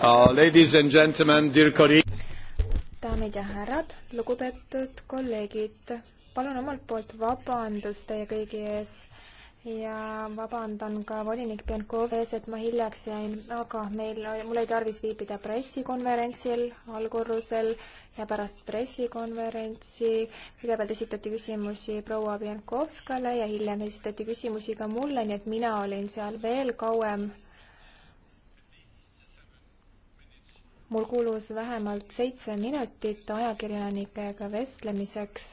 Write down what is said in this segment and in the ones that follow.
Uh, daamid ja härrad, lugupeetud kolleegid, palun omalt poolt vabandust teie kõigi ees ja vabandan ka volinik Pjankovi ees, et ma hiljaks jäin, aga meil, mul oli tarvis viibida pressikonverentsil allkorrusel ja pärast pressikonverentsi kõigepealt esitati küsimusi proua Pjankovskale ja hiljem esitati küsimusi ka mulle, nii et mina olin seal veel kauem. mul kulus vähemalt seitse minutit ajakirjanikega vestlemiseks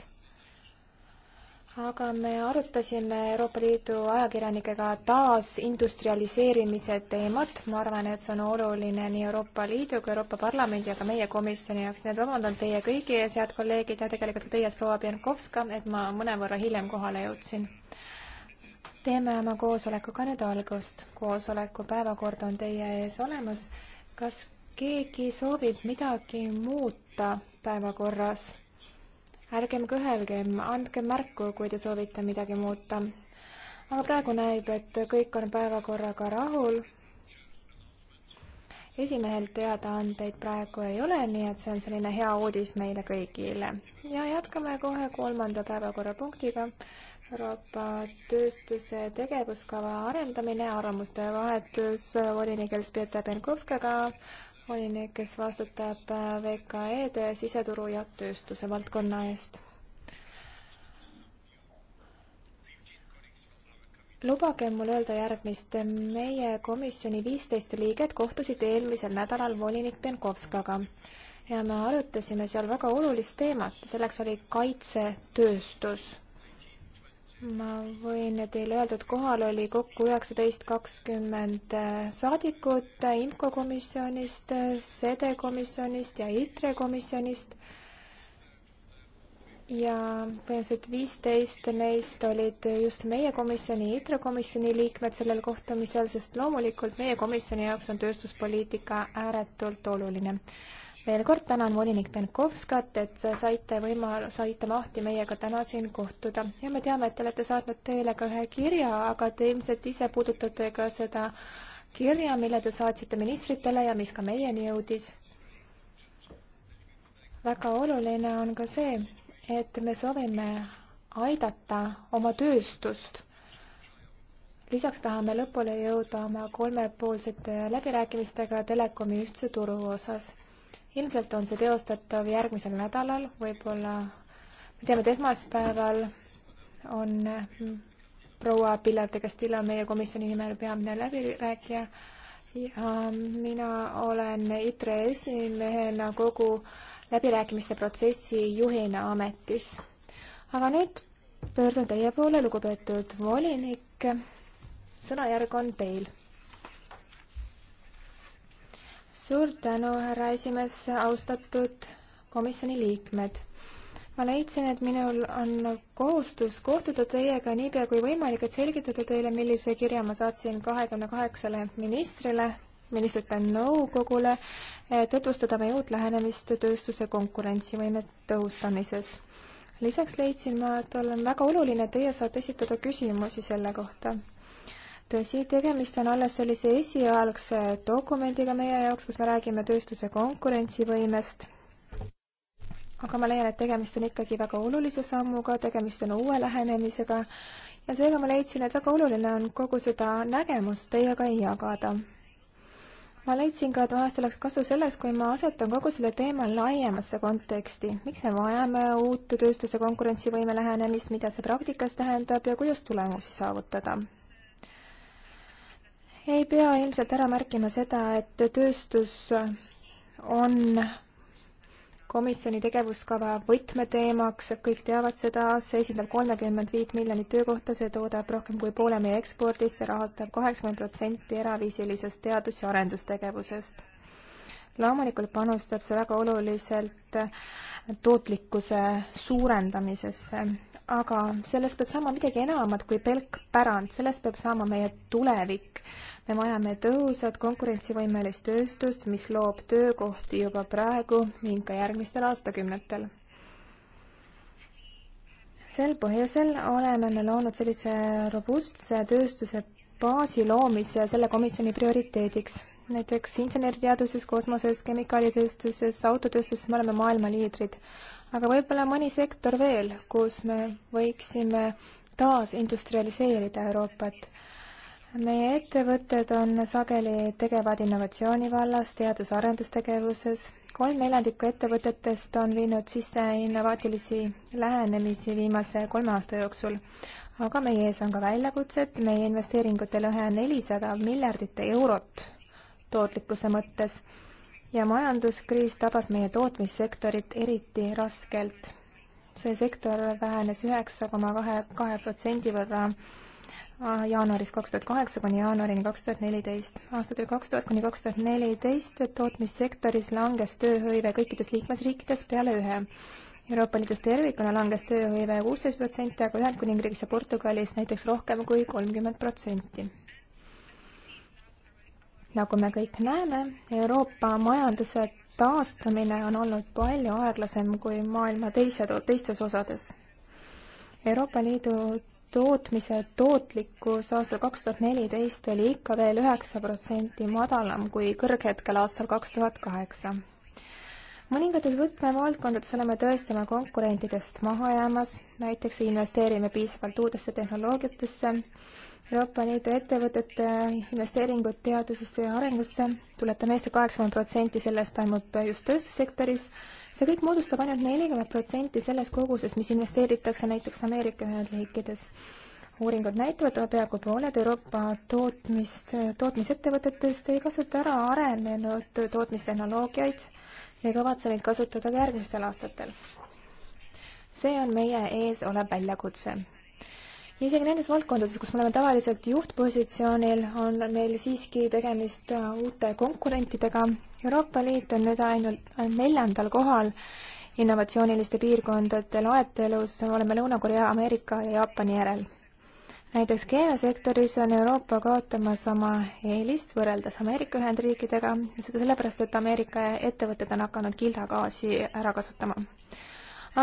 aga me arutasime Euroopa Liidu ajakirjanikega taasindustrialiseerimise teemat. ma arvan, et see on oluline nii Euroopa Liidu kui Euroopa Parlamendi ja ka meie komisjoni jaoks. nii et vabandan teie kõigi ees, head kolleegid ja tegelikult ka teie ees, proua Pienkovska, et ma mõnevõrra hiljem kohale jõudsin. teeme oma koosolekuga nüüd algust. koosoleku päevakord on teie ees olemas. kas keegi soovib midagi muuta päevakorras? ärgem kõhelgem, andke märku, kui te soovite midagi muuta. aga praegu näib, et kõik on päevakorraga rahul. esimehel teadaandeid praegu ei ole, nii et see on selline hea uudis meile kõigile. ja jätkame kohe kolmanda päevakorrapunktiga Euroopa tööstuse tegevuskava arendamine, arvamuste vahetus volinik Elspeta Penkovskaga, volinik, kes vastutab äh, VKE-de siseturu ja tööstuse valdkonna eest. lubage mul öelda järgmist. meie komisjoni viisteist liiget kohtusid eelmisel nädalal volinik Penkovskaga ja me arutasime seal väga olulist teemat, selleks oli kaitsetööstus ma võin teile öelda, et kohal oli kokku üheksateist kakskümmend äh, saadikut IMCO komisjonist, SEDE komisjonist ja ITRE komisjonist. ja põhimõtteliselt viisteist neist olid just meie komisjoni, ITRE komisjoni liikmed sellel kohtumisel, sest loomulikult meie komisjoni jaoks on tööstuspoliitika ääretult oluline veel kord tänan volinik Benkovskat, et saite võimal-, saite mahti meiega täna siin kohtuda ja me teame, et te olete saatnud tööle ka ühe kirja, aga te ilmselt ise puudutate ka seda kirja, mille te saatsite ministritele ja mis ka meieni jõudis. väga oluline on ka see, et me soovime aidata oma tööstust lisaks tahame lõpule jõuda oma kolmepoolsete läbirääkimistega telekomi ühtse turu osas ilmselt on see teostatav järgmisel nädalal, võib-olla me teame, et esmaspäeval on mm, proua Pilate Castillo meie komisjoni nimel peamine läbirääkija ja mm, mina olen ITRE esimehena kogu läbirääkimiste protsessi juhina ametis. aga nüüd pöördun teie poole, lugupeetud volinik. sõnajärg on teil suur tänu, härra esimees, austatud komisjoni liikmed ma leidsin, et minul on kohustus kohtuda teiega niipea kui võimalik, et selgitada teile, millise kirja ma saatsin kahekümne kaheksale ministrile, ministrite nõukogule, tutvustada meie uut lähenemist tööstuse konkurentsivõime tõhustamises. lisaks leidsin ma, et olen väga oluline, et teie saate esitada küsimusi selle kohta tõsi, tegemist on alles sellise esialgse dokumendiga meie jaoks, kus me räägime tööstuse konkurentsivõimest. aga ma leian, et tegemist on ikkagi väga olulise sammuga, tegemist on uue lähenemisega ja seega ma leidsin, et väga oluline on kogu seda nägemust teiega jagada ma leidsin ka, et vahest oleks kasu sellest, kui ma asetan kogu selle teema laiemasse konteksti. miks me vajame uut tööstuse konkurentsivõime lähenemist, mida see praktikas tähendab ja kuidas tulemusi saavutada? ei pea ilmselt ära märkima seda, et tööstus on komisjoni tegevuskava võtmeteemaks, kõik teavad seda, see esindab kolmekümmend viit miljonit töökohta, see toodab rohkem kui poole meie ekspordist, see rahastab kaheksakümmend protsenti eraviisilisest teadus- ja arendustegevusest. loomulikult panustab see väga oluliselt tootlikkuse suurendamisesse, aga sellest peab saama midagi enamat kui pelk pärand, sellest peab saama meie tulevik me vajame tõhusat konkurentsivõimelist tööstust, mis loob töökohti juba praegu ning ka järgmistel aastakümnetel. sel põhjusel oleme me loonud sellise robustse tööstuse baasi loomise selle komisjoni prioriteediks. näiteks inseneriteaduses, kosmoses, kemikaalitööstuses, autotööstuses me oleme maailma liidrid. aga võib-olla mõni sektor veel, kus me võiksime taasindustrialiseerida Euroopat meie ettevõtted on sageli tegevad innovatsiooni vallas, teadus-arendustegevuses. kolm neljandikku ettevõtetest on viinud sisse innovaatilisi lähenemisi viimase kolme aasta jooksul. aga meie ees on ka väljakutsed, meie investeeringute lõhe on nelisada miljardit eurot tootlikkuse mõttes ja majanduskriis tabas meie tootmissektorit eriti raskelt. see sektor vähenes üheksa koma kahe, kahe protsendi võrra jaanuarist kaks tuhat kaheksa kuni jaanuarini kaks tuhat neliteist. aastatel kaks tuhat kuni kaks tuhat neliteist tootmissektoris langes tööhõive kõikides liikmesriikides peale ühe. Euroopa Liidus tervikuna langes tööhõive kuusteist protsenti, aga Ühendkuningriigis ja Portugalis näiteks rohkem kui kolmkümmend protsenti nagu me kõik näeme, Euroopa majanduse taastumine on olnud palju aeglasem kui maailma teise, teistes osades. Euroopa Liidu tootmise tootlikkus aastal kaks tuhat neliteist oli ikka veel üheksa protsenti madalam kui kõrghetkel aastal kaks tuhat kaheksa. mõningates võtmevaldkondades oleme tõesti oma konkurentidest maha jäämas, näiteks investeerime piisavalt uutesse tehnoloogiatesse, Euroopa Liidu ettevõtete investeeringud teadusesse ja arengusse, tuletame meeste kaheksakümmend protsenti sellest toimub just tööstussektoris see kõik moodustab ainult nelikümmend protsenti selles koguses, mis investeeritakse näiteks Ameerika Ühendriikides. uuringud näitavad, et peaaegu pooled Euroopa tootmist, tootmisettevõtetest ei kasuta ära arenenud tootmistehnoloogiaid ja ei kavatse neid kasutada ka järgmistel aastatel. see on meie ees olev väljakutse isegi nendes valdkondades, kus me oleme tavaliselt juhtpositsioonil, on meil siiski tegemist uute konkurentidega Euroopa Liit on nüüd ainult neljandal kohal innovatsiooniliste piirkondade loetelus, oleme Lõuna-Korea, Ameerika ja Jaapani järel. näiteks keemiasektoris on Euroopa kaotamas oma eelist võrreldes Ameerika Ühendriikidega, seda sellepärast, et Ameerika ettevõtted on hakanud kildagaasi ära kasutama.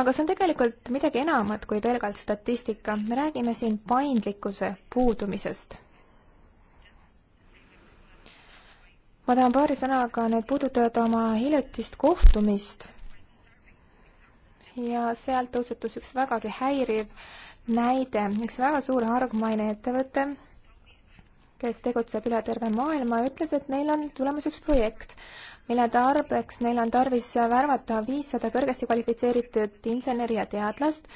aga see on tegelikult midagi enamat kui pelgalt statistika, me räägime siin paindlikkuse puudumisest ma tahan paari sõnaga nüüd puudutada oma hiljutist kohtumist. ja sealt tõusetus üks vägagi häiriv näide, üks väga suur hargmaine ettevõte, kes tegutseb üle terve maailma, ütles, et neil on tulemas üks projekt, mille tarbeks neil on tarvis värvata viissada kõrgesti kvalifitseeritud inseneri ja teadlast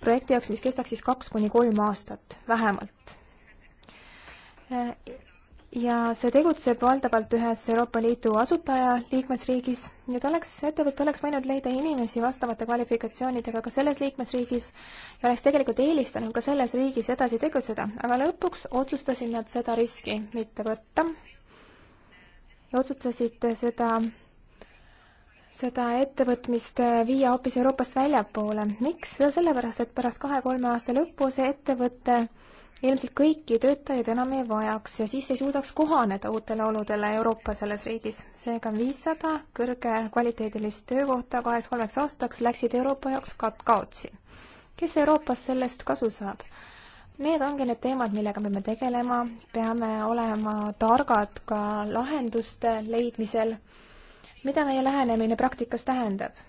projekti jaoks, mis kestaks siis kaks kuni kolm aastat vähemalt ja see tegutseb valdavalt ühes Euroopa Liidu asutaja liikmesriigis. nüüd oleks, ettevõte oleks võinud leida inimesi vastavate kvalifikatsioonidega ka selles liikmesriigis ja oleks tegelikult eelistanud ka selles riigis edasi tegutseda, aga lõpuks otsustasid nad seda riski mitte võtta. ja otsustasid seda, seda ettevõtmist viia hoopis Euroopast väljapoole. miks? seda sellepärast, et pärast kahe-kolme aasta lõppu see ettevõte et ilmselt kõiki töötajaid enam ei vajaks ja siis ei suudaks kohaneda uutele oludele Euroopa selles riigis. seega viissada kõrgekvaliteedilist töökohta kaheks-kolmeks aastaks läksid Euroopa jaoks kaotsi. kes Euroopas sellest kasu saab? Need ongi need teemad, millega me peame tegelema, peame olema targad ka lahenduste leidmisel, mida meie lähenemine praktikas tähendab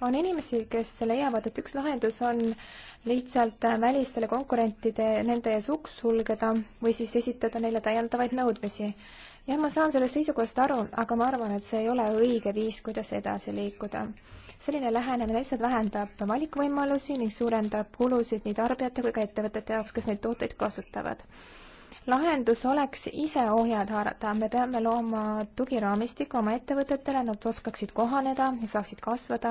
on inimesi, kes leiavad, et üks lahendus on lihtsalt välistele konkurentide nende ees uks sulgeda või siis esitada neile täiendavaid nõudmisi. jah, ma saan sellest seisukohast aru, aga ma arvan, et see ei ole õige viis, kuidas edasi liikuda. selline lähenemine lihtsalt vähendab valikuvõimalusi ning suurendab kulusid nii tarbijate kui ka ettevõtete jaoks, kes neid tooteid kasutavad lahendus oleks ise ohjad haarata, me peame looma tugiraamistiku oma ettevõtetele, nad oskaksid kohaneda ja saaksid kasvada.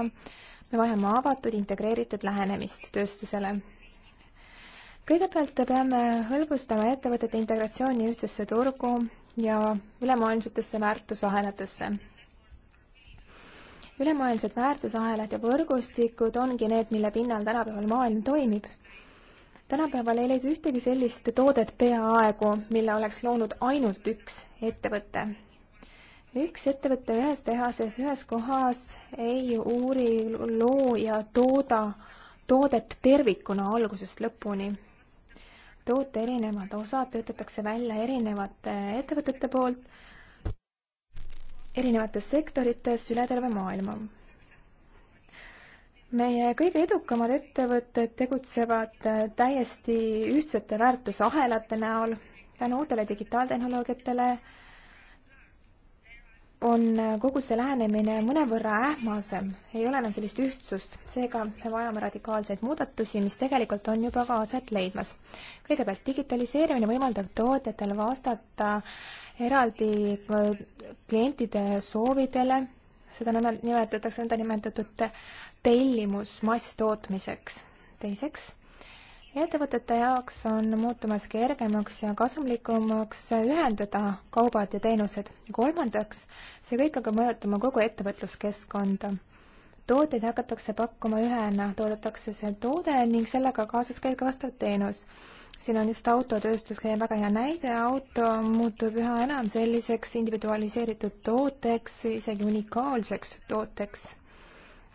me vajame avatud integreeritud lähenemist tööstusele. kõigepealt peame hõlbustama ettevõtete integratsiooni ühtsesse turgu ja ülemaailmsetesse väärtusahelatesse. ülemaailmsed väärtusahelad ja võrgustikud ongi need, mille pinnal tänapäeval maailm toimib tänapäeval ei leidu ühtegi sellist toodet peaaegu, mille oleks loonud ainult üks ettevõte. üks ettevõte ühes tehases, ühes kohas ei uuri, loo ja tooda toodet tervikuna algusest lõpuni. toote erinevad osad töötatakse välja erinevate ettevõtete poolt erinevates sektorites üle terve maailma meie kõige edukamad ettevõtted tegutsevad äh, täiesti ühtsete väärtusahelate näol tänu uutele digitaaltehnoloogiatele on äh, kogu see lähenemine mõnevõrra ähmasem, ei ole enam sellist ühtsust, seega me vajame radikaalseid muudatusi, mis tegelikult on juba ka aset leidmas. kõigepealt digitaliseerimine võimaldab tootjatel vastata eraldi äh, klientide soovidele, seda nimetatakse nõndanimetatud tellimus masstootmiseks. teiseks, ettevõtete jaoks on muutumas kergemaks ja kasumlikumaks ühendada kaubad ja teenused. kolmandaks, see kõik hakkab mõjutama kogu ettevõtluskeskkonda tooteid hakatakse pakkuma ühena, toodetakse see toode ning sellega kaasas käib ka vastav teenus. siin on just autotööstus käib väga hea näide, auto muutub üha enam selliseks individualiseeritud tooteks, isegi unikaalseks tooteks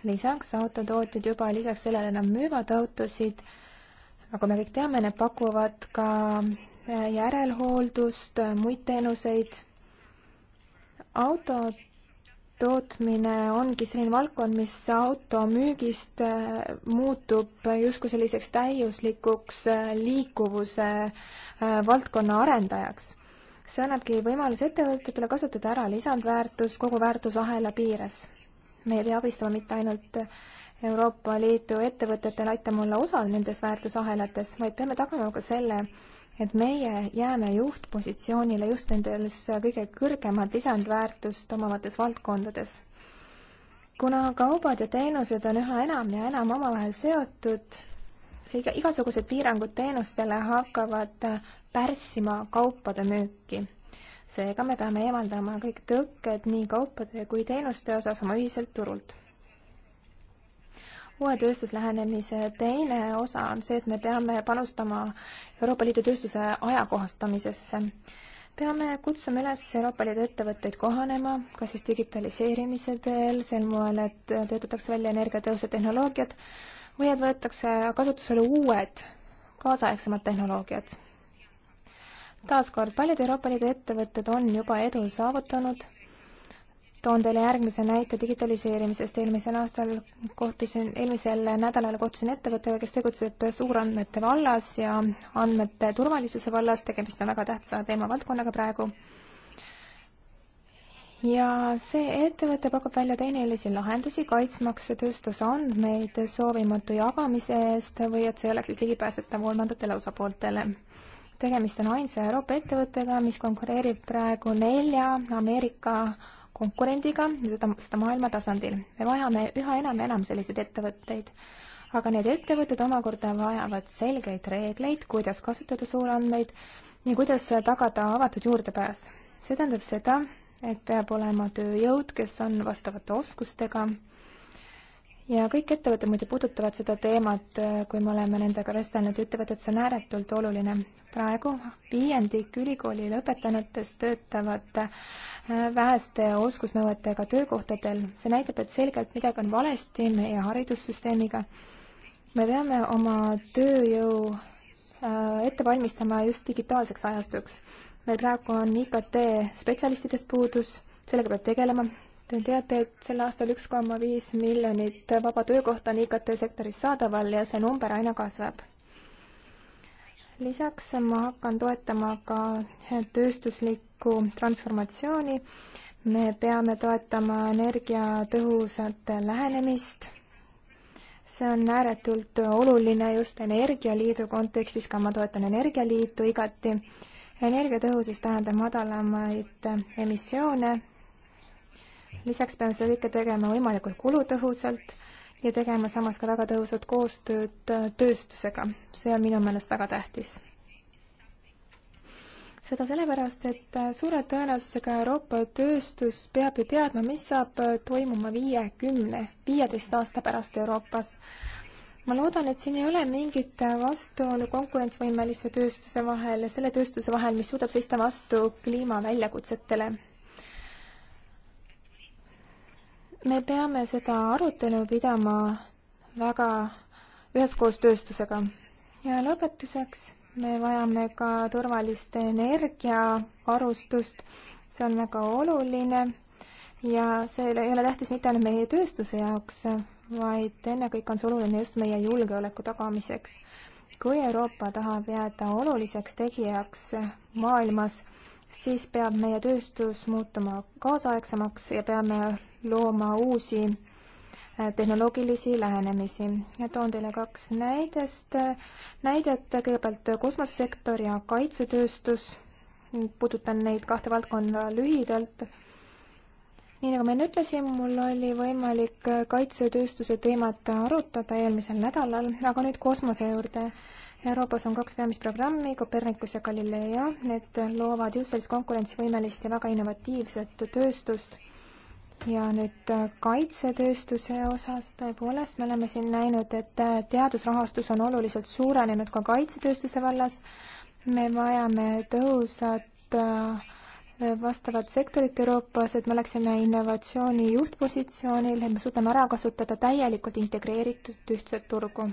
lisaks autotootjad juba lisaks sellele nad müüvad autosid, nagu me kõik teame, need pakuvad ka äh, järelhooldust, äh, muid teenuseid. auto tootmine ongi selline valdkond, mis auto müügist äh, muutub justkui selliseks täiuslikuks liikuvuse valdkonna arendajaks. see annabki võimaluse ettevõtjatele kasutada ära lisandväärtust kogu väärtusahela piires me ei pea abistama mitte ainult Euroopa Liidu ettevõtetel aitama olla osal nendes väärtusahelates, vaid peame tagama ka selle, et meie jääme juhtpositsioonile just nendes kõige kõrgemat lisandväärtust omavates valdkondades. kuna kaubad ja teenused on üha enam ja enam omavahel seotud, see igasugused piirangud teenustele hakkavad pärssima kaupade müüki seega me peame eemaldama kõik tõkked nii kaupade kui teenuste osas oma ühiselt turult. uue tööstuslähenemise teine osa on see, et me peame panustama Euroopa Liidu tööstuse ajakohastamisesse. peame kutsuma üles Euroopa Liidu ettevõtteid kohanema, kas siis digitaliseerimise teel, sel moel, et töötatakse välja energiatõhusa tehnoloogiad või et võetakse kasutusele uued kaasaegsemad tehnoloogiad taaskord, paljud Euroopa Liidu ettevõtted on juba edu saavutanud. toon teile järgmise näite digitaliseerimisest. eelmisel aastal kohtusin, eelmisel nädalal kohtusin ettevõttega, kes tegutseb suurandmete vallas ja andmete turvalisuse vallas. tegemist on väga tähtsa teemavaldkonnaga praegu. ja see ettevõte pakub välja tehnilisi lahendusi, kaitsmaks tööstuse andmeid soovimatu jagamise eest või et see oleks siis ligipääsetav kolmandatele osapooltele tegemist on ainsa Euroopa ettevõttega, mis konkureerib praegu nelja Ameerika konkurendiga, seda, seda maailma tasandil. me vajame üha enam ja enam selliseid ettevõtteid. aga need ettevõtted omakorda vajavad selgeid reegleid, kuidas kasutada suurandmeid ja kuidas tagada avatud juurdepääs. see tähendab seda, et peab olema tööjõud, kes on vastavate oskustega ja kõik ettevõtted muide puudutavad seda teemat, kui me oleme nendega vestelnud, ütlevad, et see on ääretult oluline praegu viiendik ülikooli lõpetanutest töötavad äh, väheste oskusnõuetega töökohtadel. see näitab, et selgelt midagi on valesti meie haridussüsteemiga. me peame oma tööjõu äh, ette valmistama just digitaalseks ajastuks. meil praegu on IKT spetsialistidest puudus, sellega peab tegelema. Te teate, et sel aastal üks koma viis miljonit vaba töökohta on IKT sektoris saadaval ja see number aina kasvab lisaks ma hakkan toetama ka tööstuslikku transformatsiooni. me peame toetama energiatõhusat lähenemist. see on ääretult oluline just Energialiidu kontekstis, ka ma toetan Energialiitu igati. energiatõhusus tähendab madalamaid emissioone. lisaks peame seda kõike tegema võimalikult kulutõhusalt ja tegema samas ka väga tõhusat koostööd äh, tööstusega. see on minu meelest väga tähtis. seda sellepärast, et äh, suure tõenäosusega Euroopa tööstus peab ju teadma, mis saab äh, toimuma viie, kümne, viieteist aasta pärast Euroopas ma loodan, et siin ei ole mingit vastuolu konkurentsivõimelise tööstuse vahel ja selle tööstuse vahel, mis suudab seista vastu kliima väljakutsetele me peame seda arutelu pidama väga üheskoos tööstusega. ja lõpetuseks me vajame ka turvalist energiavarustust, see on väga oluline ja see ei ole tähtis mitte ainult meie tööstuse jaoks, vaid ennekõike on see oluline just meie julgeoleku tagamiseks. kui Euroopa tahab jääda oluliseks tegijaks maailmas, siis peab meie tööstus muutuma kaasaegsemaks ja peame looma uusi äh, tehnoloogilisi lähenemisi. toon teile kaks näidest, näidet, äh, kõigepealt äh, kosmosesektor ja kaitsetööstus. puudutan neid kahte valdkonda lühidalt. nii nagu ma enne ütlesin, mul oli võimalik kaitsetööstuse teemat arutada eelmisel nädalal, aga nüüd kosmose juurde Euroopas on kaks peamist programmi, Copernicus ja Galileo. Need loovad just sellist konkurentsivõimelist ja väga innovatiivset tööstust. ja nüüd äh, kaitsetööstuse osas tõepoolest me oleme siin näinud, et äh, teadusrahastus on oluliselt suurenenud ka kaitsetööstuse vallas. me vajame tõhusat äh, vastavat sektorit Euroopas, et me oleksime innovatsiooni juhtpositsioonil, et me suudame ära kasutada täielikult integreeritud ühtset turgu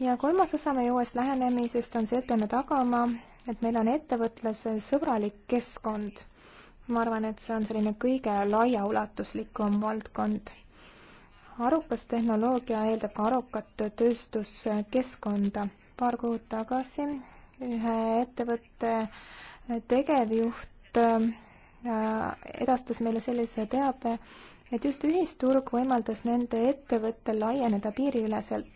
ja kolmas osa meie uuest lähenemisest on see, et peame tagama, et meil on ettevõtluse sõbralik keskkond. ma arvan, et see on selline kõige laiaulatuslikum valdkond. arukas tehnoloogia eeldab ka arukat tööstuskeskkonda. paar kuud tagasi ühe ettevõtte tegevjuht äh, edastas meile sellise teabe, et just ühisturg võimaldas nende ettevõttel laieneda piiriüleselt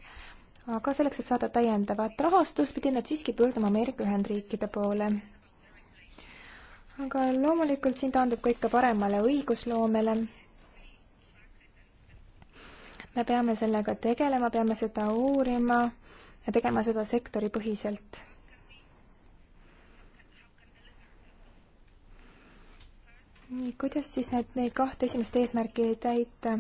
aga selleks, et saada täiendavat rahastust, pidid nad siiski pöörduma Ameerika Ühendriikide poole. aga loomulikult siin taandub kõik ka paremale õigusloomele. me peame sellega tegelema, peame seda uurima ja tegema seda sektoripõhiselt. nii, kuidas siis need, neid kahte esimest eesmärki täita?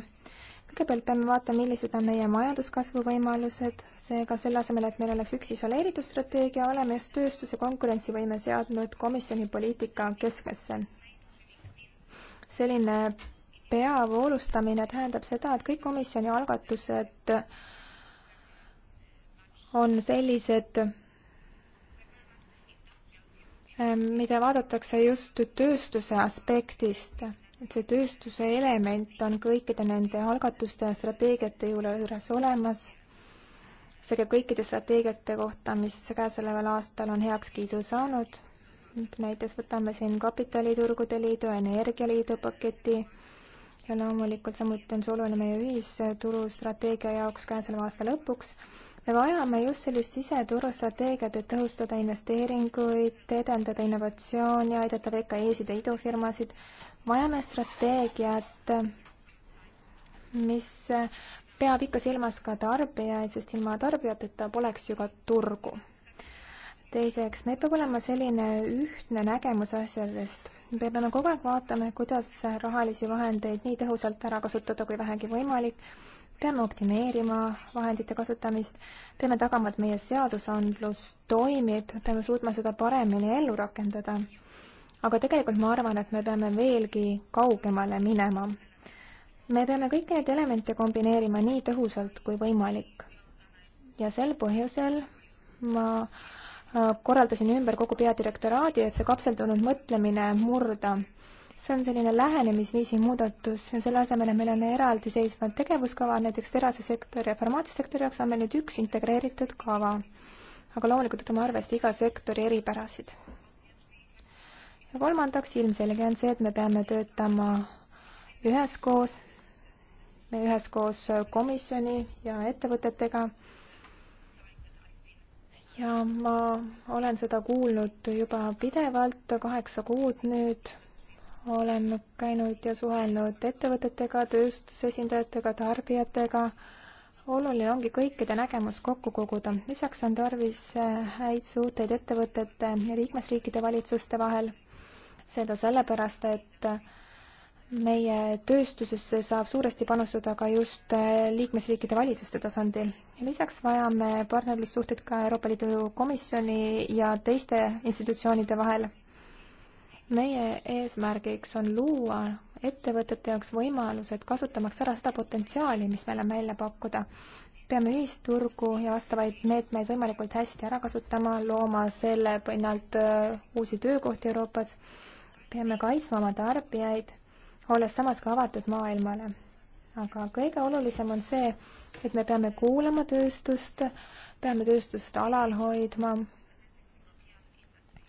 kõigepealt peame vaatama, millised on meie majanduskasvu võimalused, seega selle asemel, et meil oleks üks isoleeritud strateegia, oleme just tööstus- ja konkurentsivõime seadnud komisjoni poliitika keskmesse. selline peavoolustamine tähendab seda, et kõik komisjoni algatused on sellised, mida vaadatakse just tööstuse aspektist et see tööstuse element on kõikide nende algatuste ja strateegiate juures olemas. see käib kõikide strateegiate kohta, mis käesoleval aastal on heakskiidu saanud. näiteks võtame siin kapitaliturgude liidu, energialiidu paketi ja loomulikult samuti on see oluline meie ühisturustrateegia jaoks käesoleva aasta lõpuks. me vajame just sellist siseturustrateegiat, et tõhustada investeeringuid, edendada innovatsiooni, aidata VKE-sid ja idufirmasid, vajame strateegiat, mis peab ikka silmas ka tarbijaid, sest ilma tarbijateta poleks ju ka turgu. teiseks, meil peab olema selline ühtne nägemus asjadest. me peame kogu aeg vaatama, kuidas rahalisi vahendeid nii tõhusalt ära kasutada kui vähegi võimalik. peame optimeerima vahendite kasutamist, peame tagama, et meie seadusandlus toimib, peame suutma seda paremini ellu rakendada aga tegelikult ma arvan, et me peame veelgi kaugemale minema. me peame kõiki neid elemente kombineerima nii tõhusalt kui võimalik. ja sel põhjusel ma äh, korraldasin ümber kogu peadirektoraadi, et see kapseldunud mõtlemine murda. see on selline lähenemisviisi muudatus, selle asemel, et meil on eraldiseisvad tegevuskavad, näiteks terasesektor ja farmaatsiasektori jaoks on meil nüüd üks integreeritud kava. aga loomulikult võtame arvesse iga sektori eripärasid ja kolmandaks, ilmselge on see, et me peame töötama üheskoos, me üheskoos komisjoni ja ettevõtetega. ja ma olen seda kuulnud juba pidevalt, kaheksa kuud nüüd olen käinud ja suhelnud ettevõtetega, tööstusesindajatega, tarbijatega oluline ongi kõikide nägemus kokku koguda. lisaks on tarvis häid suhteid ettevõtete ja liikmesriikide valitsuste vahel seda sellepärast, et meie tööstusesse saab suuresti panustada ka just liikmesriikide valitsuste tasandil. lisaks vajame partnerlussuhteid ka Euroopa Liidu Komisjoni ja teiste institutsioonide vahel. meie eesmärgiks on luua ettevõtete jaoks võimalused kasutamaks ära seda potentsiaali, mis meil on välja pakkuda. peame ühisturgu ja vastavaid meetmeid võimalikult hästi ära kasutama, looma selle pinnalt äh, uusi töökohti Euroopas peame kaitsma oma tarbijaid, olles samas ka avatud maailmale. aga kõige olulisem on see, et me peame kuulama tööstust, peame tööstust alal hoidma.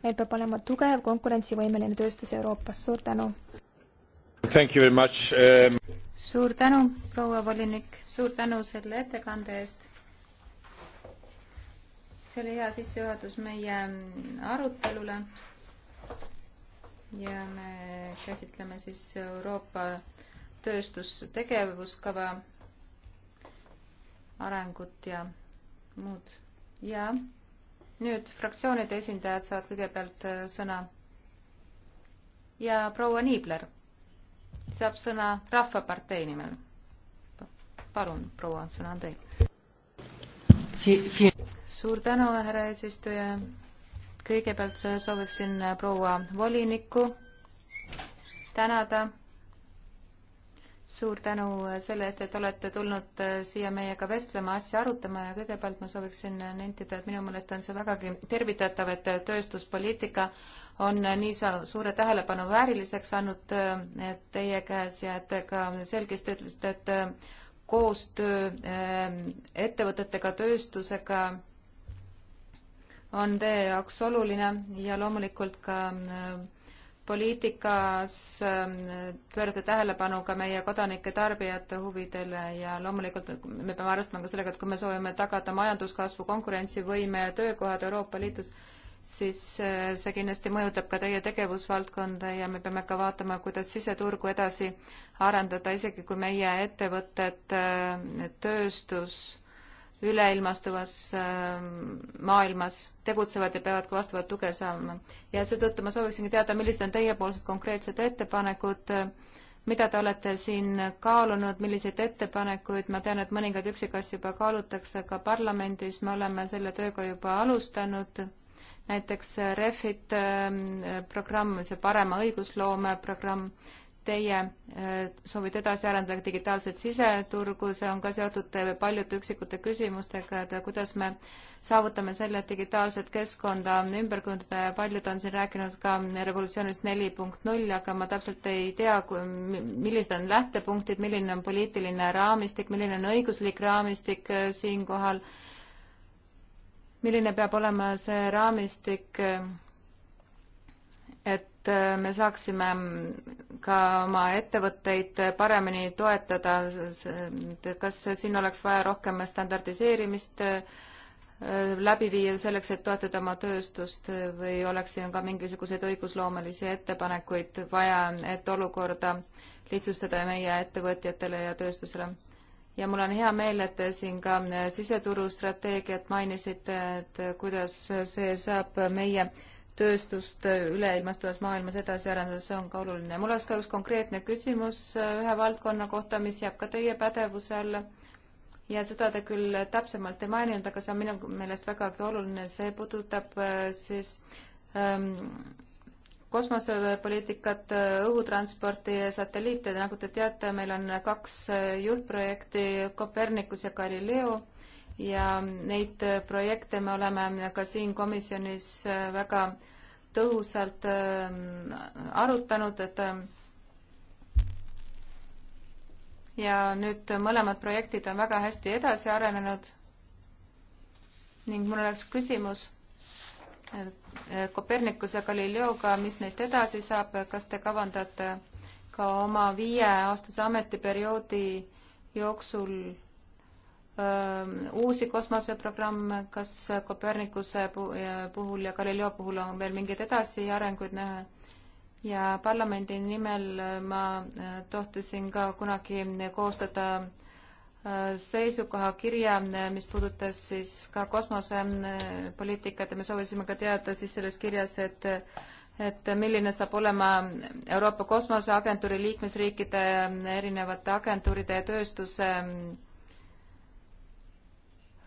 meil peab olema tugev konkurentsivõimeline tööstus Euroopas, suur tänu! Um... suur tänu, proua volinik, suur tänu selle ettekande eest. see oli hea sissejuhatus meie arutelule ja me käsitleme siis Euroopa tööstustegevuskava arengut ja muud. ja nüüd fraktsioonide esindajad saavad kõigepealt äh, sõna. ja proua Niibler saab sõna Rahvapartei nimel. palun, proua, sõna on teil. suur tänu, härra eesistuja kõigepealt sooviksin äh, proua volinikku tänada. suur tänu äh, selle eest, et olete tulnud äh, siia meiega vestlema, asja arutama ja kõigepealt ma sooviksin nentida, et minu meelest on see vägagi tervitatav, et tööstuspoliitika on nii suure tähelepanu vääriliseks andnud teie käes ja et ka selgesti ütlesite, et koostöö ettevõtetega, tööstusega on teie jaoks oluline ja loomulikult ka äh, poliitikas äh, pöörata tähelepanu ka meie kodanike tarbijate huvidele ja loomulikult me peame arvestama ka sellega, et kui me soovime tagada majanduskasvu, konkurentsivõime ja töökohad Euroopa Liidus, siis äh, see kindlasti mõjutab ka teie tegevusvaldkonda ja me peame ka vaatama, kuidas siseturgu edasi arendada, isegi kui meie ettevõtted, tööstus üleilmastuvas ähm, maailmas tegutsevad ja peavad ka vastavat tuge saama. ja seetõttu ma sooviksingi teada, millised on teiepoolsed konkreetsed ettepanekud, mida te olete siin kaalunud, milliseid ettepanekuid, ma tean, et mõningaid üksikasju juba kaalutakse ka parlamendis, me oleme selle tööga juba alustanud, näiteks REFit ähm, programm, see parema õigusloome programm teie äh, soovite edasi arendada digitaalset siseturgu, see on ka seotud paljude üksikute küsimustega, et kuidas me saavutame selle, et digitaalset keskkonda ümber kujundada ja paljud on siin rääkinud ka revolutsioonist neli punkt null, aga ma täpselt ei tea, millised on lähtepunktid, milline on poliitiline raamistik, milline on õiguslik raamistik äh, siinkohal, milline peab olema see raamistik, äh, et et äh, me saaksime ka oma ettevõtteid paremini toetada, et kas siin oleks vaja rohkem standardiseerimist äh, läbi viia selleks, et toetada oma tööstust või oleks siin ka mingisuguseid õigusloomelisi ettepanekuid vaja, et olukorda lihtsustada meie ettevõtjatele ja tööstusele? ja mul on hea meel, et te siin ka siseturu strateegiat mainisite, et kuidas see saab meie tööstust üleilmastuvas maailmas edasi arendada, see on ka oluline. mul oleks ka üks konkreetne küsimus äh, ühe valdkonna kohta, mis jääb ka teie pädevuse alla. ja seda te küll täpsemalt ei maininud, aga see on minu meelest vägagi oluline, see puudutab äh, siis ähm, kosmosepoliitikat, äh, õhutransporti ja satelliite, nagu te teate, meil on kaks juhtprojekti, Copernicus ja Galileo ja neid äh, projekte me oleme ka siin komisjonis äh, väga tõhusalt ähm, arutanud, et ähm, ja nüüd mõlemad projektid on väga hästi edasi arenenud ning mul oleks küsimus äh, Kopernikus ja Galileoga, mis neist edasi saab, kas te kavandate ka oma viieaastase ametiperioodi jooksul uusi kosmoseprogramme, kas Kopernikuse puhul ja Galileo puhul on veel mingeid edasiarenguid näha? ja parlamendi nimel ma tohtisin ka kunagi koostada seisukohakirja, mis puudutas siis ka kosmosepoliitikat ja me soovisime ka teada siis selles kirjas, et et milline saab olema Euroopa Kosmoseagentuuri liikmesriikide erinevate agentuuride ja tööstuse äh,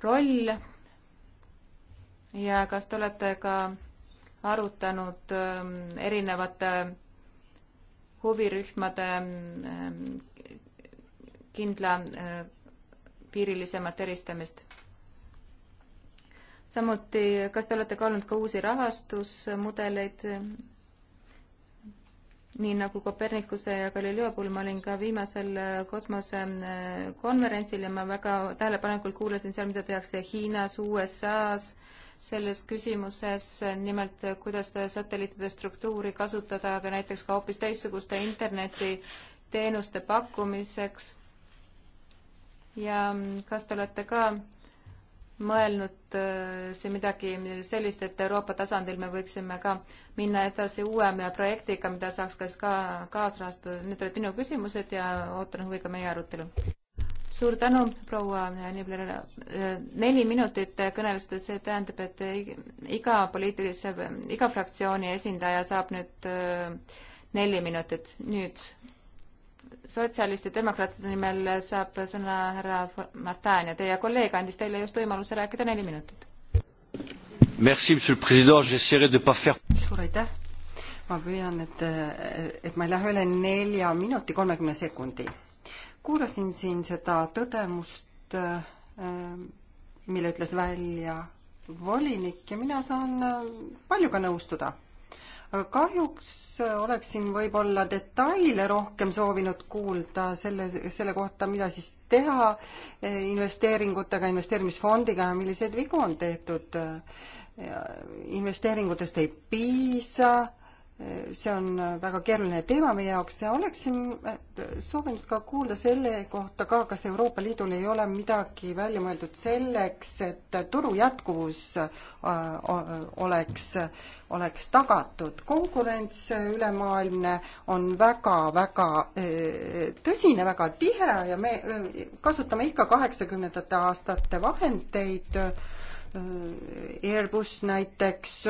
roll ja kas te olete ka arutanud ähm, erinevate huvirühmade ähm, kindla äh, piirilisemat eristamist? samuti, kas te olete kaalunud ka uusi rahastusmudeleid nii nagu Kopernikuse ja Galileo puhul ma olin ka viimasel äh, kosmosekonverentsil äh, ja ma väga tähelepanelikult kuulasin seal, mida tehakse Hiinas, USA-s selles küsimuses, nimelt äh, kuidas satelliitide struktuuri kasutada, aga näiteks ka hoopis teistsuguste internetiteenuste pakkumiseks. ja mm, kas te olete ka mõelnud äh, siin midagi sellist, et Euroopa tasandil me võiksime ka minna edasi uue projektiga, mida saaks kas ka kaasrahastada. Need olid minu küsimused ja ootan huviga meie arutelu. suur tänu, proua Nibler. Äh, neli minutit kõnelesite, see tähendab, et iga poliitilise, iga fraktsiooni esindaja saab nüüd äh, neli minutit. nüüd sotsialistide demokraatide nimel saab sõna härra Martin ja teie kolleeg andis teile just võimaluse rääkida neli minutit. suur aitäh, ma püüan, et, et ma ei lähe üle nelja minuti kolmekümne sekundi. kuulasin siin seda tõdemust, äh, mille ütles välja volinik ja mina saan äh, paljuga nõustuda aga kahjuks oleksin võib-olla detaile rohkem soovinud kuulda selle, selle kohta, mida siis teha investeeringutega, investeerimisfondiga ja milliseid vigu on tehtud. investeeringutest ei piisa see on väga keeruline teema meie jaoks ja oleksin soovinud ka kuulda selle kohta ka, kas Euroopa Liidul ei ole midagi välja mõeldud selleks, et turu jätkuvus äh, oleks, oleks tagatud. konkurents ülemaailmne on väga-väga äh, tõsine, väga tihe ja me äh, kasutame ikka kaheksakümnendate aastate vahendeid Airbus näiteks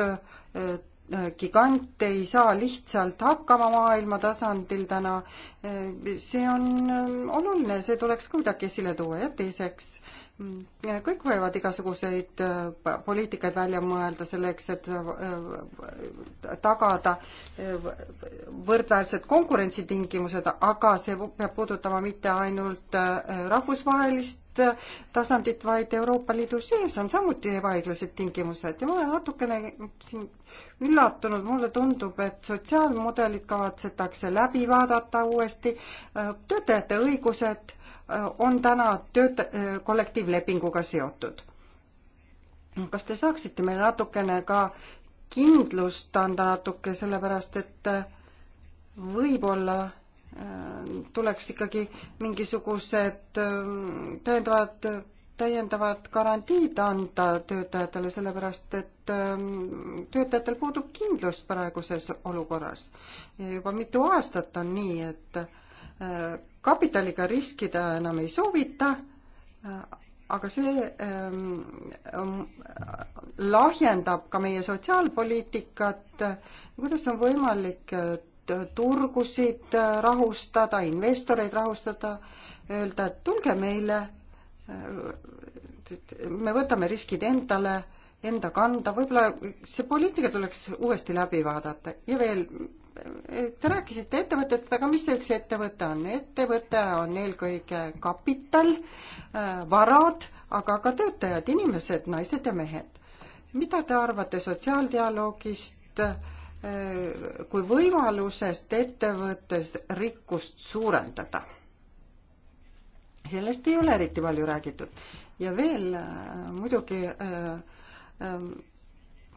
gigant ei saa lihtsalt hakkama maailma tasandil täna. see on ähm, oluline, see tuleks ka kuidagi esile tuua ja teiseks Mm. kõik võivad igasuguseid äh, poliitikaid välja mõelda selleks, et äh, äh, tagada võrdväärsed konkurentsitingimused, aga see peab puudutama mitte ainult rahvusvahelist tasandit, vaid Euroopa Liidu sees on samuti ebaõiglased tingimused ja ma olen natukene siin üllatunud, mulle tundub, et sotsiaalmudelid kavatsetakse läbi vaadata uuesti, töötajate õigused Äh, on täna tööta-, äh, kollektiivlepinguga seotud. kas te saaksite meile natukene ka kindlust anda natuke, sellepärast et äh, võib-olla tuleks ikkagi mingisugused täiendavad, täiendavad garantiid anda töötajatele, sellepärast et töötajatel puudub kindlus praeguses olukorras. juba mitu aastat on nii, et kapitaliga riskida enam ei soovita, aga see ähm, ähm lahjendab ka meie sotsiaalpoliitikat, kuidas on võimalik turgusid rahustada, investoreid rahustada, öelda, et tulge meile, me võtame riskid endale, enda kanda, võib-olla see poliitika tuleks uuesti läbi vaadata ja veel te rääkisite ettevõtetest, aga mis see üks ettevõte on? ettevõte on eelkõige kapital, äh, varad, aga ka töötajad, inimesed, naised ja mehed. mida te arvate sotsiaaldialoogist äh, kui võimalusest ettevõttes rikkust suurendada? sellest ei ole eriti palju räägitud ja veel äh, muidugi äh, äh,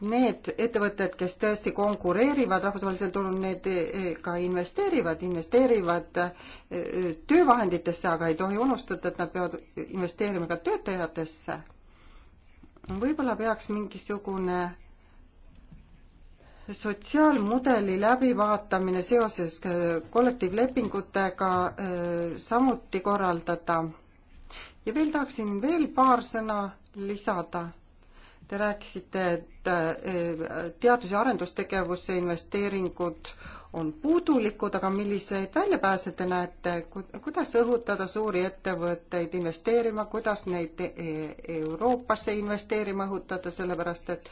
need ettevõtted, kes tõesti konkureerivad rahvusvahelisel turul, need eh, ka investeerivad, investeerivad eh, töövahenditesse, aga ei tohi unustada, et nad peavad investeerima ka töötajatesse. võib-olla peaks mingisugune sotsiaalmudeli läbivaatamine seoses eh, kollektiivlepingutega samuti korraldada. ja veel tahaksin veel paar sõna lisada Te rääkisite, et eh, teadus- ja arendustegevusse investeeringud on puudulikud, aga milliseid väljapääse te näete, kuidas õhutada suuri ettevõtteid investeerima, kuidas neid eh, Euroopasse investeerima õhutada, sellepärast et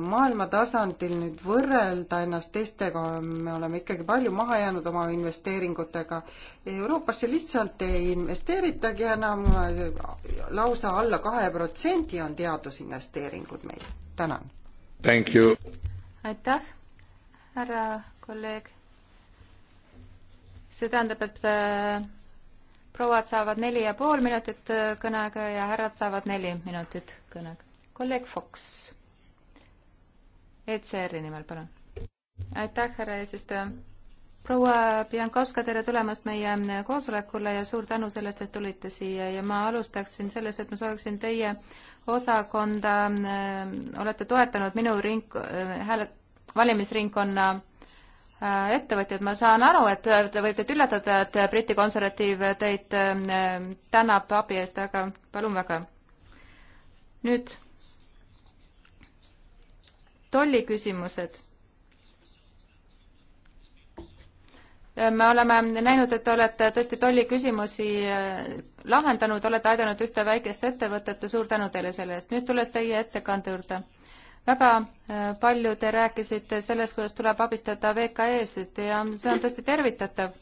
maailma tasandil nüüd võrrelda ennast teistega, me oleme ikkagi palju maha jäänud oma investeeringutega. Euroopasse lihtsalt ei investeeritagi enam, lausa alla kahe protsendi on teadusinvesteeringud meil. tänan. aitäh, härra kolleeg. see tähendab, et äh, prouad saavad neli ja pool minutit äh, kõnega ja härrad saavad neli minutit kõnega. kolleeg Fox ECR-i nimel, palun. aitäh, härra eesistuja. proua Biankovska, tere tulemast meie koosolekule ja suur tänu sellest, et tulite siia ja ma alustaksin sellest, et ma sooviksin teie osakonda, äh, olete toetanud minu ring-, äh, hääle, valimisringkonna äh, ettevõtjad, ma saan aru, et te võite üllatada, et Briti konservatiiv teid tänab abi eest, aga palun väga. nüüd tolliküsimused. me oleme näinud, et te olete tõesti tolliküsimusi äh, lahendanud, olete aidanud ühte väikest ettevõtet ja suur tänu teile selle eest. nüüd tulles teie ettekande juurde. väga äh, palju te rääkisite sellest, kuidas tuleb abistada VKE-sid ja see on tõesti tervitatav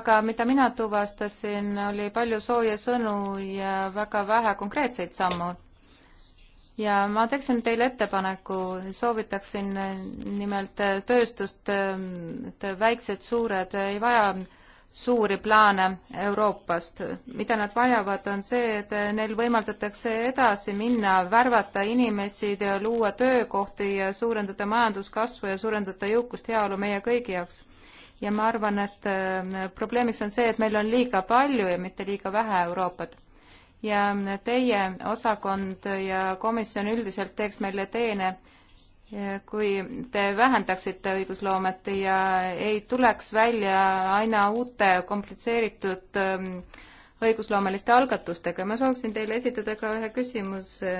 aga mida mina tuvastasin, oli palju sooje sõnu ja väga vähe konkreetseid samme ja ma teeksin teile ettepaneku, soovitaksin eh, nimelt eh, tööstust, eh, et väiksed, suured ei vaja suuri plaane Euroopast. mida nad vajavad, on see, et neil võimaldatakse edasi minna, värvata inimesi, luua töökohti ja suurendada majanduskasvu ja suurendada jõukust, heaolu meie kõigi jaoks. ja ma arvan, et probleemiks on see, et meil on liiga palju ja mitte liiga vähe Euroopat ja teie osakond ja komisjon üldiselt teeks meile teene, kui te vähendaksite õigusloomet ja ei tuleks välja aina uute komplitseeritud ähm, õigusloomeliste algatustega. ma sooviksin teile esitada ka ühe küsimuse,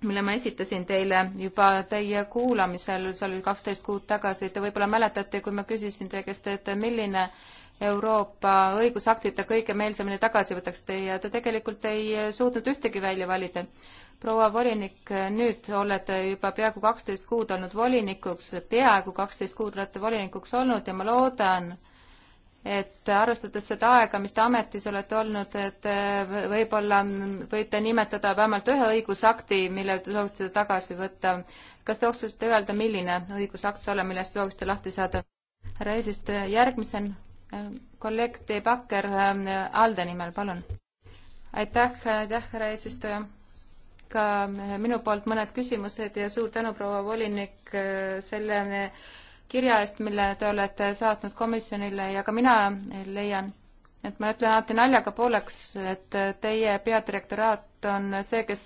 mille ma esitasin teile juba teie kuulamisel, see oli kaksteist kuud tagasi, te võib-olla mäletate, kui ma küsisin teie käest, et milline äh, Euroopa õigusaktide kõige meelsamini tagasi võtaksite ja te tegelikult ei suutnud ühtegi välja valida. proua volinik, nüüd olete juba peaaegu kaksteist kuud olnud volinikuks, peaaegu kaksteist kuud olete volinikuks olnud ja ma loodan, et arvestades seda aega, mis te ametis olete olnud, et võib-olla võite nimetada vähemalt ühe õigusakti, mille te soovite tagasi võtta. kas te oskaksite öelda, milline õigusakt see ole, millest sooviksite lahti saada? härra eesistuja, järgmisena kolleeg De Backer äh, ALDE nimel, palun. aitäh, aitäh, härra eesistuja. ka minu poolt mõned küsimused ja suur tänu, proua volinik, äh, selle kirja eest, mille te olete saatnud komisjonile ja ka mina leian, et ma ütlen alati naljaga pooleks, et teie peadirektoraat on see, kes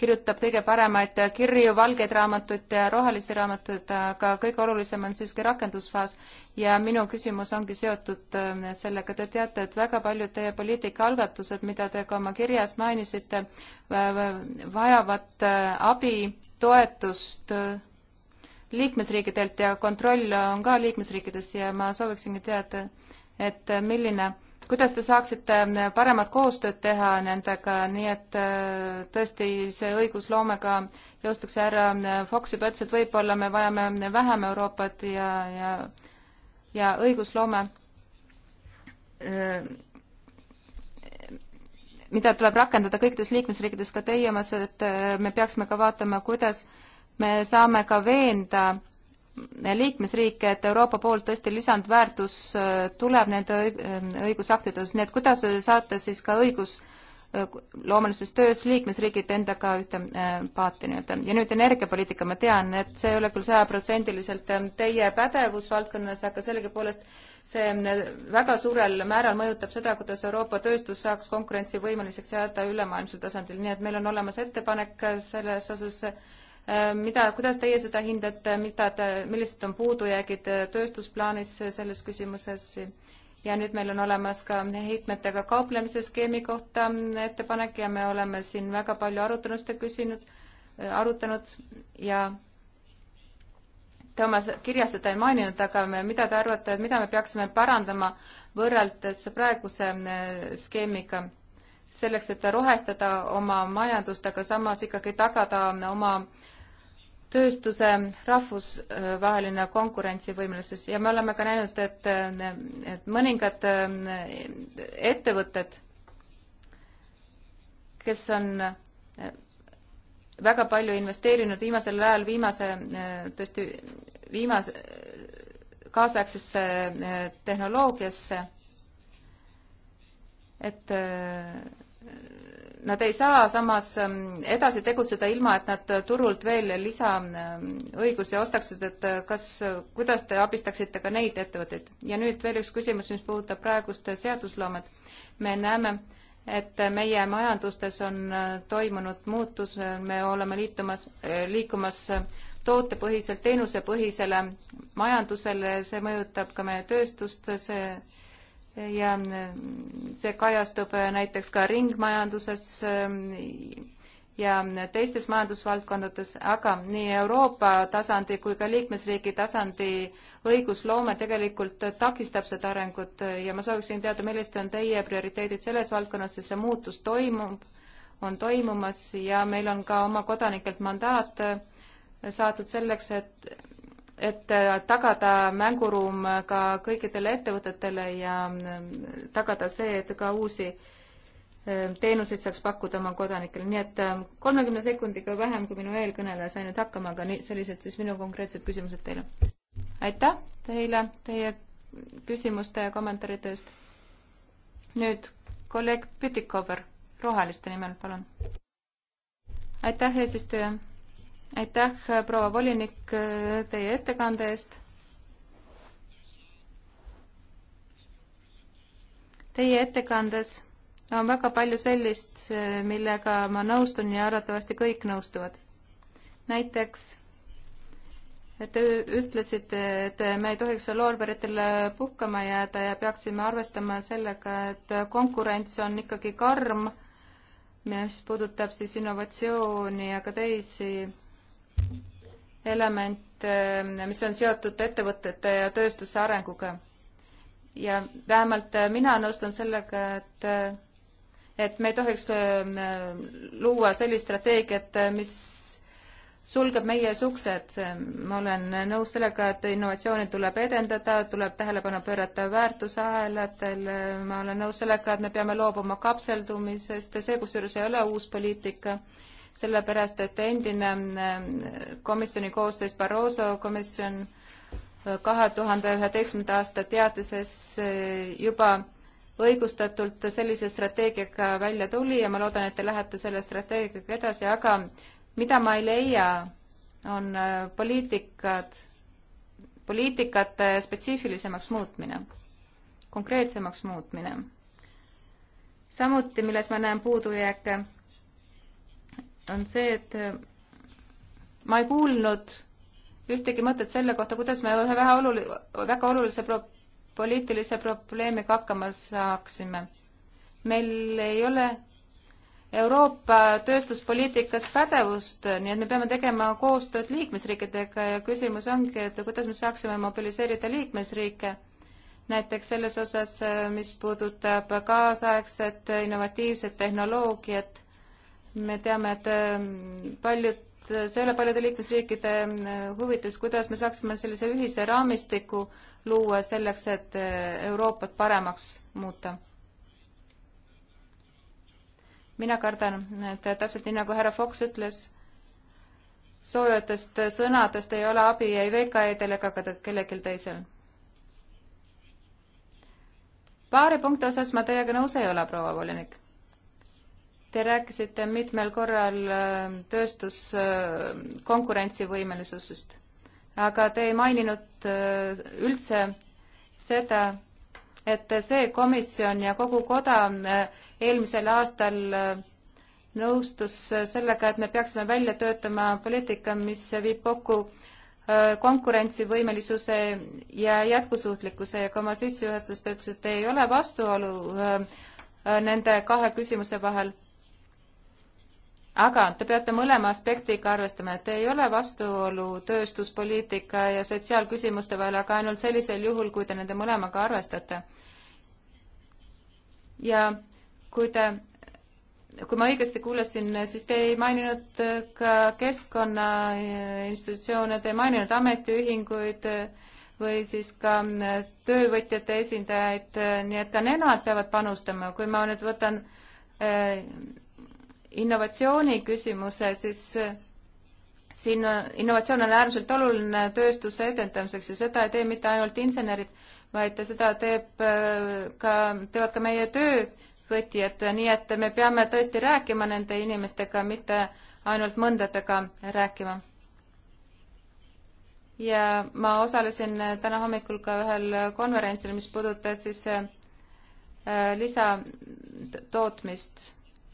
kirjutab kõige paremaid kirju, valgeid raamatuid ja rohelisi raamatuid, aga kõige olulisem on siiski rakendusfaas. ja minu küsimus ongi seotud äh, sellega, te teate, et väga paljud teie poliitikaalgatused, mida te ka oma kirjas mainisite, äh, vajavad äh, abi, toetust liikmesriikidelt ja kontroll on ka liikmesriikides ja ma sooviksingi teada, et milline kuidas te saaksite paremat koostööd teha nendega, nii et äh, tõesti see õigusloomega jõustuks härra Fox juba ütles, et võib-olla me vajame vähem Euroopat ja, ja, ja õigusloome, äh, mida tuleb rakendada kõikides liikmesriikides, ka teie omas, et äh, me peaksime ka vaatama, kuidas me saame ka veenda liikmesriike, et Euroopa poolt tõesti lisandväärtus äh, tuleb nende ähm, õigusaktides, nii et kuidas äh, saate siis ka õigus äh, loomelises töös liikmesriigid endaga ühte paati nii-öelda. ja nüüd energiapoliitika, ma tean, et see ei ole küll sajaprotsendiliselt ähm, teie pädevusvaldkonnas, aga sellegipoolest see ähm, väga suurel määral mõjutab seda, kuidas Euroopa tööstus saaks konkurentsivõimeliseks jääda ülemaailmsel tasandil, nii et meil on olemas ettepanek selles osas Äh, mida, kuidas teie seda hindate, mida te, millised on puudujäägid äh, tööstusplaanis äh, selles küsimuses? ja nüüd meil on olemas ka heitmetega kauplemise skeemi kohta mm, ettepanek ja me oleme siin väga palju arutanud seda küsinud, arutanud ja te oma kirjas seda ei maininud, aga me, mida te arvate, et mida me peaksime parandama võrreldes praeguse skeemiga? selleks, et rohestada oma majandust, aga samas ikkagi tagada oma äh, tööstuse rahvusvaheline konkurentsivõimelisus ja me oleme ka näinud, et, et mõningad ettevõtted, kes on väga palju investeerinud viimasel ajal viimase, tõesti viimase, kaasaegsesse tehnoloogiasse, et nad ei saa samas ähm, edasi tegutseda, ilma et nad turult veel lisaõigusi ähm, ostaksid, et äh, kas, äh, kuidas te abistaksite ka neid ettevõtteid? ja nüüd veel üks küsimus, mis puudutab praegust seadusloomet. me näeme, et meie majandustes on äh, toimunud muutus, me oleme liitumas, liikumas tootepõhiselt teenusepõhisele majandusele, see mõjutab ka meie tööstust, see ja mm, see kajastub äh, näiteks ka ringmajanduses ähm, ja mm, teistes majandusvaldkondades, aga nii Euroopa tasandi kui ka liikmesriigi tasandi õigusloome tegelikult takistab seda arengut ja ma sooviksin teada, millised on teie prioriteedid selles valdkonnas, sest see muutus toimub, on toimumas ja meil on ka oma kodanikelt mandaat äh, saadud selleks, et et äh, tagada mänguruum ka kõikidele ettevõtetele ja äh, tagada see, et ka uusi äh, teenuseid saaks pakkuda oma kodanikele, nii et kolmekümne sekundiga vähem kui minu eelkõneleja sai nüüd hakkama, aga nii, sellised siis minu konkreetsed küsimused teile. aitäh teile teie küsimuste ja kommentaaride eest. nüüd kolleeg Pütikover Roheliste nimel, palun. aitäh, eesistuja aitäh, proua volinik, teie ettekande eest. Teie ettekandes on väga palju sellist, millega ma nõustun ja arvatavasti kõik nõustuvad. näiteks, et te ütlesite, et me ei tohiks loorberitele puhkama jääda ja peaksime arvestama sellega, et konkurents on ikkagi karm, mis puudutab siis innovatsiooni ja ka teisi element, eh, mis on seotud ettevõtete ja tööstuse arenguga. ja vähemalt eh, mina nõustun sellega, et, eh, et me ei tohiks luua sellist strateegiat, mis sulgeb meie uksed. ma olen nõus sellega, et innovatsiooni tuleb edendada, tuleb tähelepanu pöörata väärtusahelatele, ma olen nõus sellega, et me peame loobuma kapseldumisest ja see, kusjuures ei ole uus poliitika sellepärast et endine ähm, komisjoni koosseis Barroso komisjon äh, kahe tuhande üheteistkümnenda aasta teadises äh, juba õigustatult sellise strateegiaga välja tuli ja ma loodan, et te lähete selle strateegiaga edasi, aga mida ma ei leia, on äh, poliitikad, poliitikate spetsiifilisemaks muutmine, konkreetsemaks muutmine. samuti, milles ma näen puudujääke on see, et äh, ma ei kuulnud ühtegi mõtet selle kohta, kuidas me ühe vähe oluli-, väga olulise pro-, poliitilise probleemiga hakkama saaksime. meil ei ole Euroopa tööstuspoliitikas pädevust, nii et me peame tegema koostööd liikmesriikidega ja küsimus ongi, et kuidas me saaksime mobiliseerida liikmesriike näiteks selles osas, äh, mis puudutab kaasaegset innovatiivset tehnoloogiat me teame, et ähm, paljud, see ei ole paljude liikmesriikide ähm, huvides, kuidas me saaksime sellise ühise raamistiku luua selleks, et äh, Euroopat paremaks muuta. mina kardan, et täpselt nii, nagu härra Fox ütles, soojatest sõnadest ei ole abi ei VKE-del ega ka kellelgi teisel. paari punkti osas ma teiega nõus ei ole, proua volinik Te rääkisite mitmel korral äh, tööstus äh, konkurentsivõimelisusest, aga te ei maininud äh, üldse seda, et see komisjon ja kogu koda eelmisel aastal nõustus sellega, et me peaksime välja töötama poliitika, mis viib kokku konkurentsivõimelisuse ja jätkusuutlikkuse ja ka oma sissejuhatuses te ütlesite, et ei ole vastuolu nende kahe küsimuse vahel aga te peate mõlema aspektiga arvestama, et ei ole vastuolu tööstuspoliitika ja sotsiaalküsimuste vahel, aga ainult sellisel juhul, kui te nende mõlemaga arvestate. ja kui te, kui ma õigesti kuulasin, siis te ei maininud ka keskkonnainstitutsioone, te ei maininud ametiühinguid või siis ka töövõtjate esindajaid, nii et ka nemad peavad panustama, kui ma nüüd võtan eh, innovatsiooni küsimuse, siis äh, siin äh, innovatsioon on äärmiselt oluline tööstuse edendamiseks ja seda ei tee mitte ainult insenerid, vaid seda teeb äh, ka, teevad ka meie töövõtjad, nii et me peame tõesti rääkima nende inimestega, mitte ainult mõndadega rääkima. ja ma osalesin täna hommikul ka ühel konverentsil, mis puudutas siis lisatootmist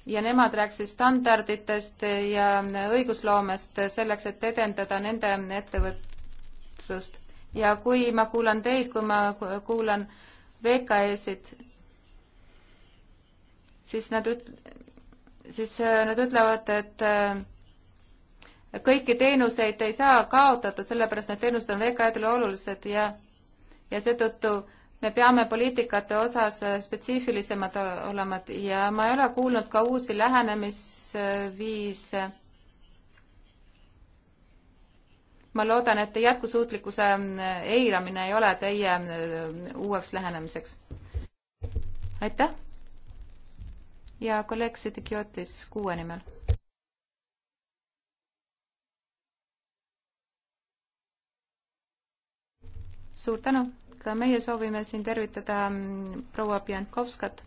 ja nemad rääkisid standarditest ja õigusloomest selleks, et edendada nende ettevõtlust. ja kui ma kuulan teid, kui ma kuulan VKE-sid, siis nad üt-, siis äh, nad ütlevad, et äh, kõiki teenuseid ei saa kaotada, sellepärast need teenused on VKE-dele olulised ja, ja seetõttu äh, me peame poliitikate osas äh, spetsiifilisemad olema ja ma ei ole kuulnud ka uusi lähenemisviise. ma loodan, et jätkusuutlikkuse äh, eiramine ei ole teie äh, uueks lähenemiseks. aitäh ja kolleeg Sidikiotis kuue nimel. suur tänu aga meie soovime siin tervitada mm, proua Piankovskat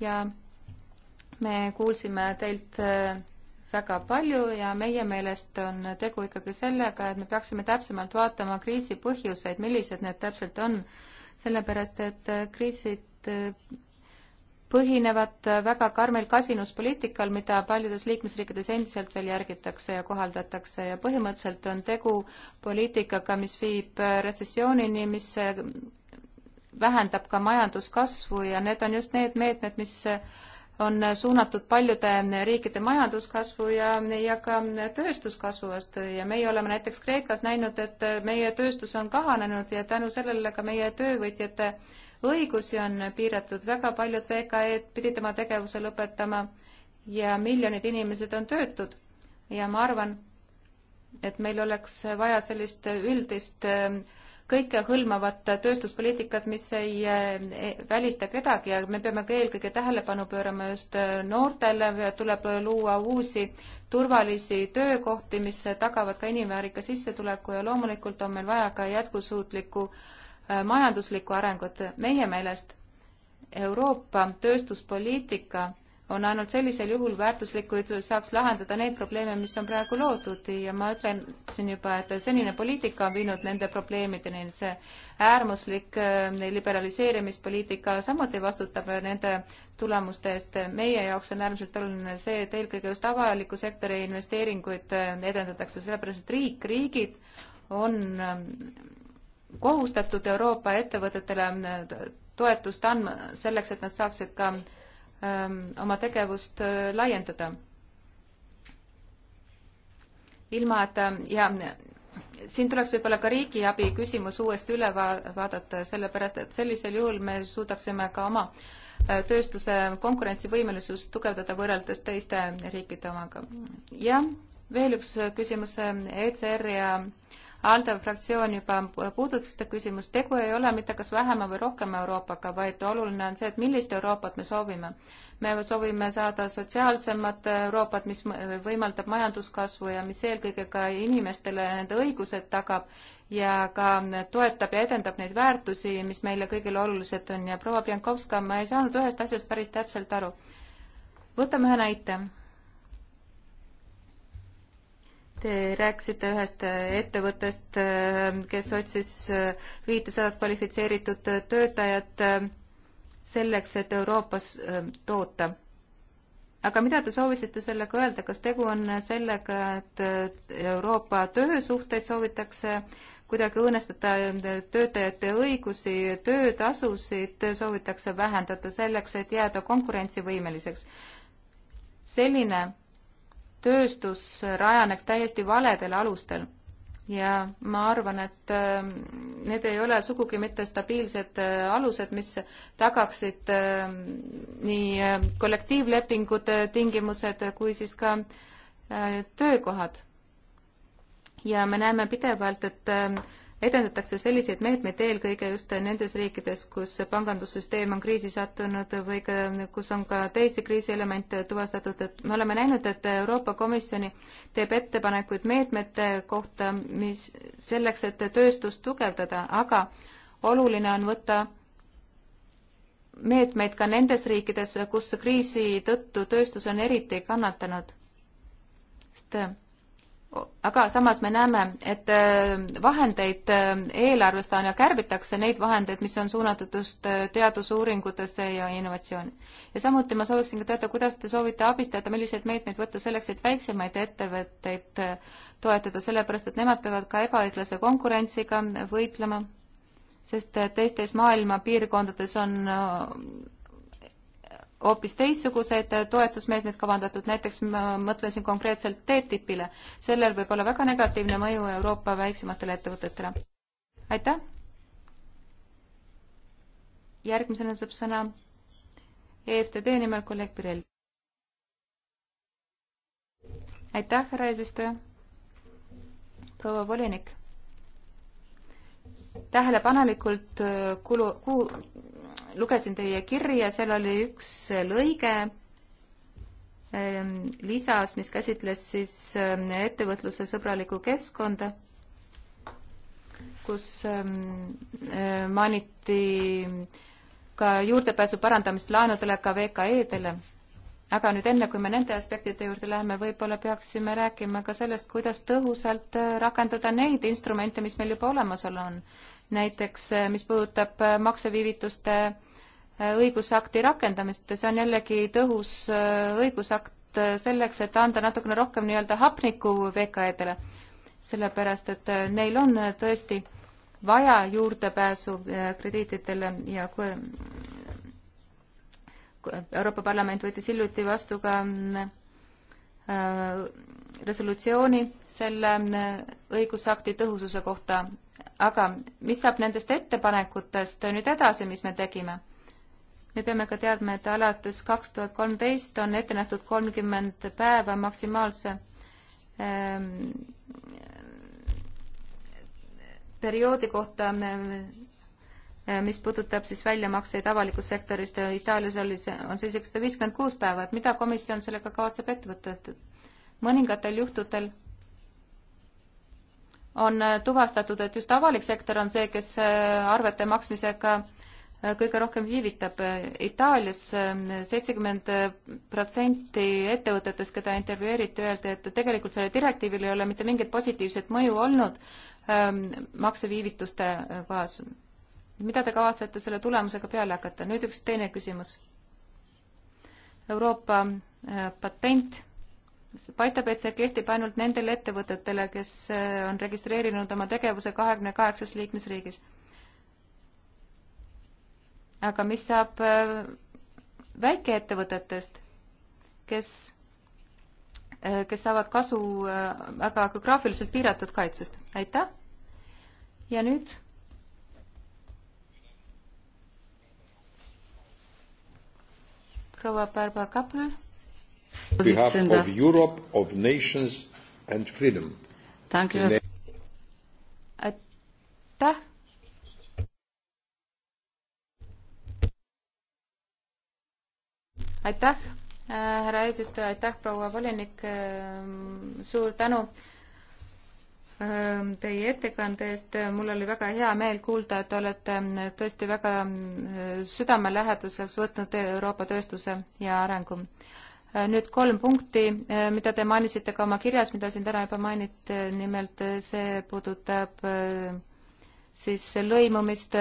ja me kuulsime teilt äh, väga palju ja meie meelest on tegu ikkagi sellega, et me peaksime täpsemalt vaatama kriisi põhjuseid, millised need täpselt on, sellepärast et äh, kriisid äh, põhinevad väga karmil kasinuspoliitikal, mida paljudes liikmesriikides endiselt veel järgitakse ja kohaldatakse ja põhimõtteliselt on tegu poliitikaga, mis viib retsessioonini, mis vähendab ka majanduskasvu ja need on just need meetmed, mis on suunatud paljude riikide majanduskasvu ja, ja ka tööstuskasvu vastu ja meie oleme näiteks Kreekas näinud, et meie tööstus on kahanenud ja tänu sellele ka meie töövõtjate äh, õigusi on piiratud, väga paljud VKE-d pidid oma tegevuse lõpetama ja miljonid inimesed on töötud ja ma arvan, et meil oleks vaja sellist üldist ähm, kõikehõlmavat tööstuspoliitikat, mis äh, ei välista kedagi ja me peame ka eelkõige tähelepanu pöörama just äh, noortele, tuleb luua uusi turvalisi töökohti, mis tagavad ka inimväärika sissetuleku ja loomulikult on meil vaja ka jätkusuutlikku äh, Äh, majanduslikku arengut. meie meelest Euroopa tööstuspoliitika on ainult sellisel juhul väärtuslik, kui saaks lahendada neid probleeme, mis on praegu loodud ja ma ütlesin juba, et senine poliitika on viinud nende probleemideni, see äärmuslik äh, liberaliseerimispoliitika samuti vastutab nende tulemuste eest. meie jaoks on äärmiselt oluline see, et eelkõige just avaliku sektori investeeringuid äh, edendatakse, sellepärast et riik, riigid on kohustatud Euroopa ettevõtetele äh, toetust andma selleks, et nad saaksid ka ähm, oma tegevust äh, laiendada. ilma, et äh, ja siin tuleks võib-olla ka riigiabi küsimus uuesti üle vaadata, sellepärast et sellisel juhul me suudaksime ka oma tööstuse konkurentsivõimelisust tugevdada võrreldes teiste riikide omaga. jah, veel üks küsimus ECR ja ALDE fraktsioon juba puudutas seda küsimust, tegu ei ole mitte kas vähema või rohkem Euroopaga, vaid oluline on see, et millist Euroopat me soovime. me soovime saada sotsiaalsemat Euroopat, mis võimaldab majanduskasvu ja mis eelkõige ka inimestele nende õigused tagab ja ka toetab ja edendab neid väärtusi, mis meile kõigile olulised on ja proua Piankovska, ma ei saanud ühest asjast päris täpselt aru. võtame ühe näite Te rääkisite ühest äh, ettevõttest, äh, kes otsis äh, viitesadat kvalifitseeritud töötajat selleks, et Euroopas toota. aga mida te soovisite sellega öelda, kas tegu on sellega, et Euroopa töösuhteid soovitakse kuidagi õõnestada töötajate õigusi, töötasusid soovitakse vähendada selleks, et jääda konkurentsivõimeliseks? selline tööstus rajaneks täiesti valedel alustel. ja ma arvan, et ähm, need ei ole sugugi mitte stabiilsed äh, alused, mis tagaksid ähm, nii äh, kollektiivlepingute tingimused kui siis ka äh, töökohad. ja me näeme pidevalt, et ähm, edendatakse selliseid meetmeid eelkõige just nendes riikides, kus pangandussüsteem on kriisi sattunud või ka, kus on ka teisi kriisielemente tuvastatud, et me oleme näinud, et Euroopa Komisjoni teeb ettepanekuid meetmete kohta, mis selleks, et tööstust tugevdada, aga oluline on võtta meetmeid ka nendes riikides, kus kriisi tõttu tööstus on eriti kannatanud. sest aga samas me näeme, et äh, vahendeid äh, eelarvest on ja kärbitakse neid vahendeid, mis on suunatud just äh, teadusuuringutesse ja innovatsiooni. ja samuti ma sooviksin ka teada, kuidas te soovite abistada, milliseid meetmeid võtta selleks, et väiksemaid ettevõtteid toetada, sellepärast et nemad peavad ka ebaõiglase konkurentsiga võitlema, sest teistes maailma piirkondades on hoopis teistsugused toetusmeetmed kavandatud, näiteks ma mõtlesin konkreetselt TTIP-ile. sellel võib olla väga negatiivne mõju Euroopa väiksematele ettevõtetele. aitäh! järgmisena saab sõna EFTD nimel kolleeg Pirel. aitäh, härra eesistuja! proua volinik! tähelepanelikult kulu, ku, lugesin teie kirja, seal oli üks lõige ähm, lisas, mis käsitles siis ähm, ettevõtluse sõbralikku keskkonda, kus ähm, äh, mainiti ka juurdepääsu parandamist laenudele ka VKE-dele. aga nüüd enne, kui me nende aspektide juurde läheme, võib-olla peaksime rääkima ka sellest, kuidas tõhusalt äh, rakendada neid instrumente, mis meil juba olemas on näiteks eh, mis puudutab eh, makseviivituste eh, õigusakti rakendamist, see on jällegi tõhus õigusakt selleks, et anda natukene rohkem nii-öelda hapnikku VKE-dele, sellepärast et neil on tõesti vaja juurdepääsu krediitidele ja kui Euroopa Parlament võttis hiljuti vastu ka resolutsiooni selle õigusakti tõhususe kohta aga mis saab nendest ettepanekutest nüüd edasi, mis me tegime? me peame ka teadma, et alates kaks tuhat kolmteist on ette nähtud kolmkümmend päeva maksimaalse ähm, perioodi kohta, ähm, mis puudutab siis väljamakseid avalikust sektorist ja Itaalias oli see, on see seitsesada viiskümmend kuus päeva, et mida komisjon sellega kavatseb ette võtta, et mõningatel juhtudel on äh, tuvastatud, et just avalik sektor on see, kes äh, arvete maksmisega äh, kõige rohkem viivitab. Itaalias seitsekümmend protsenti ettevõtetest, keda intervjueeriti, öeldi, et tegelikult sellel direktiivil ei ole mitte mingit positiivset mõju olnud ähm, makseviivituste kohas. mida te kavatsete selle tulemusega peale hakata? nüüd üks teine küsimus. Euroopa patent paistab, et see kehtib ainult nendele ettevõtetele, kes äh, on registreerinud oma tegevuse kahekümne kaheksas liikmesriigis. aga mis saab äh, väikeettevõtetest, kes, äh, kes saavad kasu väga geograafiliselt piiratud kaitsest? aitäh! ja nüüd? proua Barba Kapl Of Europe, of nations and freedom. Danke. Aitäh. aitäh, äh, härra eesistuja, aitäh, proua volinik, äh, suur tänu äh, teie ettekande eest. mul oli väga hea meel kuulda, et te olete tõesti väga südamelähedaselt võtnud Euroopa tööstuse ja arengu. Äh, nüüd kolm punkti, äh, mida te mainisite ka oma kirjas, mida siin täna juba mainiti, nimelt äh, see puudutab siis lõimumist,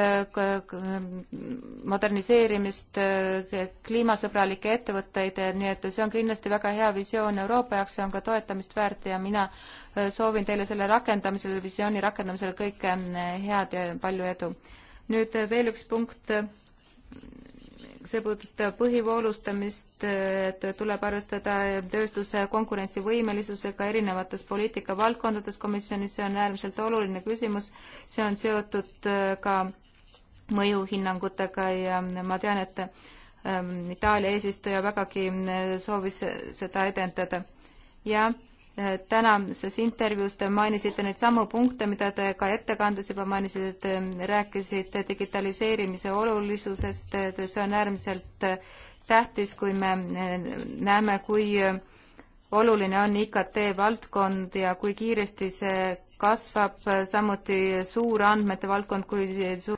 moderniseerimist, kliimasõbralikke ettevõtteid, nii et see on kindlasti väga hea visioon Euroopa jaoks, see on ka toetamist väärt ja mina soovin teile selle rakendamisel, visiooni rakendamisel kõike head ja palju edu. nüüd veel üks punkt see puudutab põhivoolustamist, et tuleb arvestada tööstuse konkurentsivõimelisusega erinevates poliitikavaldkondades komisjonis, see on äärmiselt oluline küsimus, see on seotud äh, ka mõjuhinnangutega ja ma tean, et ähm, Itaalia eesistuja vägagi äh, soovis seda edendada. jah tänases intervjuus te mainisite neid samu punkte, mida te ka ettekandes juba mainisite, ähm, rääkisite digitaliseerimise olulisusest, see on äärmiselt äh, tähtis, kui me äh, näeme, kui äh, oluline on IKT valdkond ja kui kiiresti see kasvab, samuti suurandmete valdkond, kui suur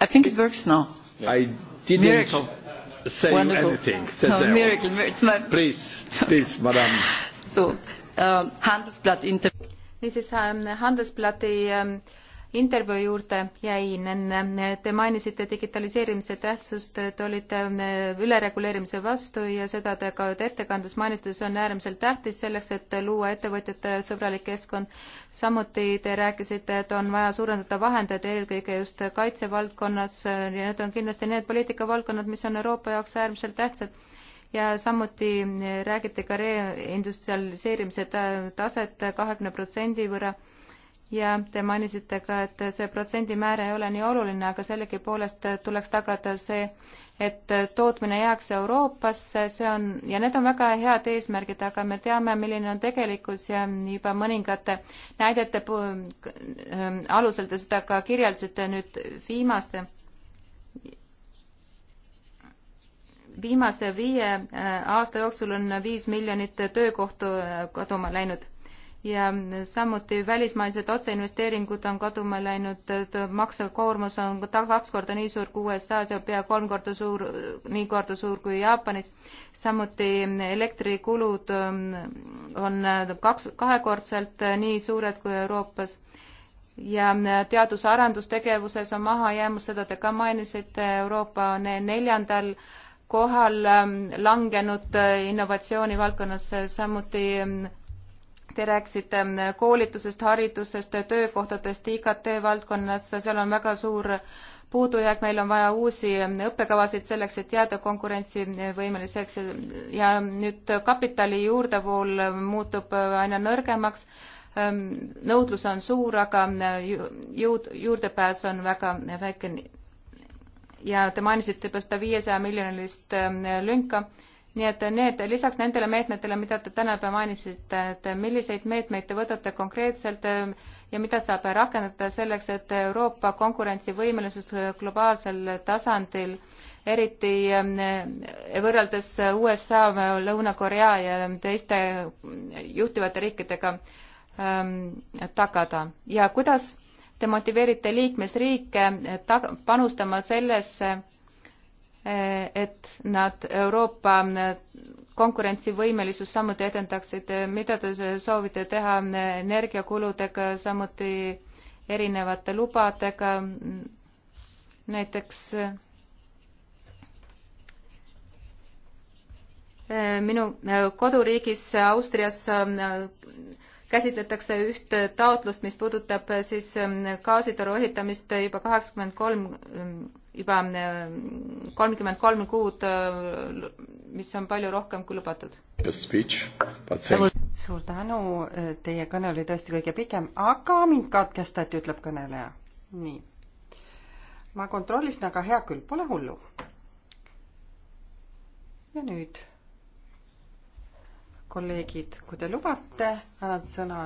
I think it works now. I didn't miracle. say Wonderful. anything. Cesaro. Miracle. It's my... Please, please, madam. So, um, Handelsblatt inter- niisiis um, Handelsblati intervjuu juurde jäin enne, te mainisite digitaliseerimise tähtsust, te olite äh, ülereguleerimise vastu ja seda te ka ettekandes mainisite, see on äärmiselt tähtis selleks, et luua ettevõtjate sõbralik keskkond. samuti te rääkisite, et on vaja suurendada vahendeid eelkõige just kaitsevaldkonnas äh, ja need on kindlasti need poliitikavaldkonnad, mis on Euroopa jaoks äärmiselt tähtsad ja samuti äh, räägite ka reindustrialiseerimise taset kahekümne protsendi võrra ja te mainisite ka, et see protsendimäär ei ole nii oluline, aga sellegipoolest tuleks tagada see, et tootmine jääks Euroopasse, see on, ja need on väga head eesmärgid, aga me teame, milline on tegelikkus ja juba mõningate näidete ähm, alusel te seda ka kirjeldasite nüüd viimaste, viimase viie äh, aasta jooksul on viis miljonit töökohtu äh, kaduma läinud ja samuti välismaised otseinvesteeringud on kaduma läinud, maksekoormus on kaks korda nii suur kui USA-s ja pea kolm korda suur, nii korda suur kui Jaapanis. samuti elektrikulud ähm, on kaks, kahekordselt nii suured kui Euroopas ja teadus-arendustegevuses on mahajäämus, seda te ka mainisite, Euroopa on neljandal kohal ähm, langenud innovatsiooni valdkonnas, samuti ähm, Te rääkisite mm, koolitusest, haridusest, töökohtadest IKT valdkonnas, seal on väga suur puudujääk, meil on vaja uusi õppekavasid selleks, et jääda konkurentsivõimeliseks ja nüüd kapitali juurdevool muutub aina nõrgemaks. Ehm, nõudlus on suur, aga mm, juud-, juurdepääs on väga väike. ja te mainisite juba seda viiesaja miljonilist ehm, lünka nii et need, lisaks nendele meetmetele, mida te täna juba mainisite, et milliseid meetmeid te võtate konkreetselt eh, ja mida saab rakendada selleks, et Euroopa konkurentsivõimelisust globaalsel tasandil eriti eh, võrreldes USA, Lõuna-Korea ja teiste juhtivate riikidega eh, tagada ja kuidas te motiveerite liikmesriike panustama sellesse, Eh, et nad Euroopa eh, konkurentsivõimelisust samuti edendaksid, eh, mida te soovite teha energiakuludega, samuti erinevate lubadega, näiteks minu koduriigis Austrias käsitletakse üht taotlust, mis puudutab äh, siis ähm, gaasitoru ehitamist äh, juba kaheksakümmend kolm, ähm, juba ähm, kolmkümmend kolm kuud, äh, mis on palju rohkem kui lubatud. suur tänu, teie kõne oli tõesti kõige pikem, aga mind katkestati, ütleb kõneleja. nii. ma kontrollisin, aga hea küll, pole hullu. ja nüüd kolleegid, kui te lubate, annan sõna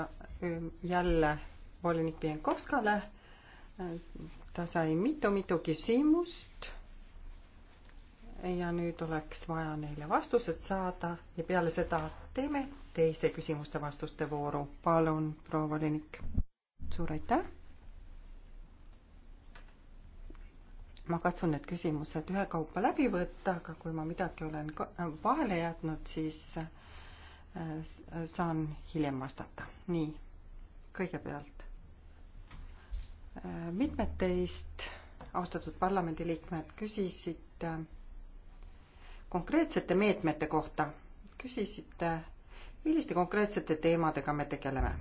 ähm, jälle volinik Pienkovskale. ta sai mitu-mitu küsimust. ja nüüd oleks vaja neile vastused saada ja peale seda teeme teise küsimuste-vastuste vooru. palun, proua volinik. suur aitäh. ma katsun need küsimused ühekaupa läbi võtta, aga kui ma midagi olen äh, vahele jätnud, siis äh, Äh, saan hiljem vastata. nii, kõigepealt. Äh, mitmed teist, austatud parlamendiliikmed, küsisid äh, konkreetsete meetmete kohta, küsisite, milliste konkreetsete teemadega me tegeleme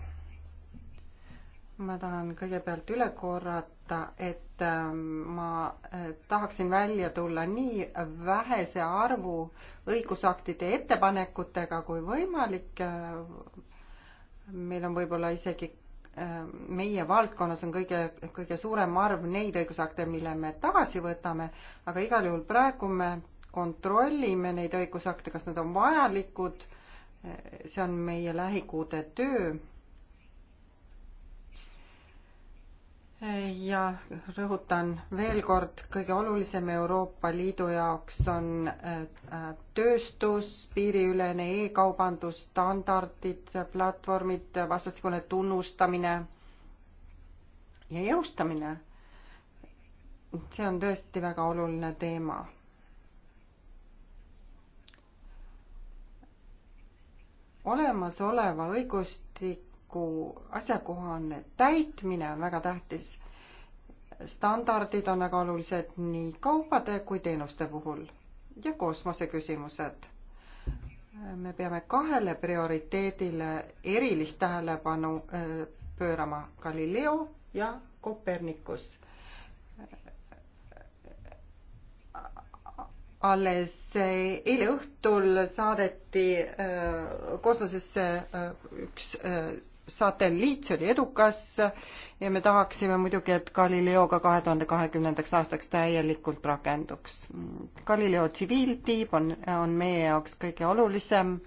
ma tahan kõigepealt üle korrata, et ähm, ma äh, tahaksin välja tulla nii vähese arvu õigusaktide ettepanekutega kui võimalik. Äh, meil on võib-olla isegi äh, meie valdkonnas on kõige, kõige suurem arv neid õigusakte, mille me tagasi võtame, aga igal juhul praegu me kontrollime neid õigusakte, kas nad on vajalikud. see on meie lähikuude töö ja rõhutan veel kord, kõige olulisem Euroopa Liidu jaoks on äh, äh, tööstus, piiriülene e-kaubandus, standardid, platvormid, vastastikune tunnustamine ja jõustamine. see on tõesti väga oluline teema. olemasoleva õigustik raamistiku asjakohane täitmine on väga tähtis. standardid on väga olulised nii kaupade kui teenuste puhul ja kosmoseküsimused. me peame kahele prioriteedile erilist tähelepanu äh, pöörama Galileo ja Kopernikus alles eile õhtul saadeti äh, kosmosesse äh, üks satelliit, see oli edukas ja me tahaksime muidugi, et Galileo ka kahe tuhande kahekümnendaks aastaks täielikult rakenduks. Galileo tsiviiltiib on, on meie jaoks kõige olulisem.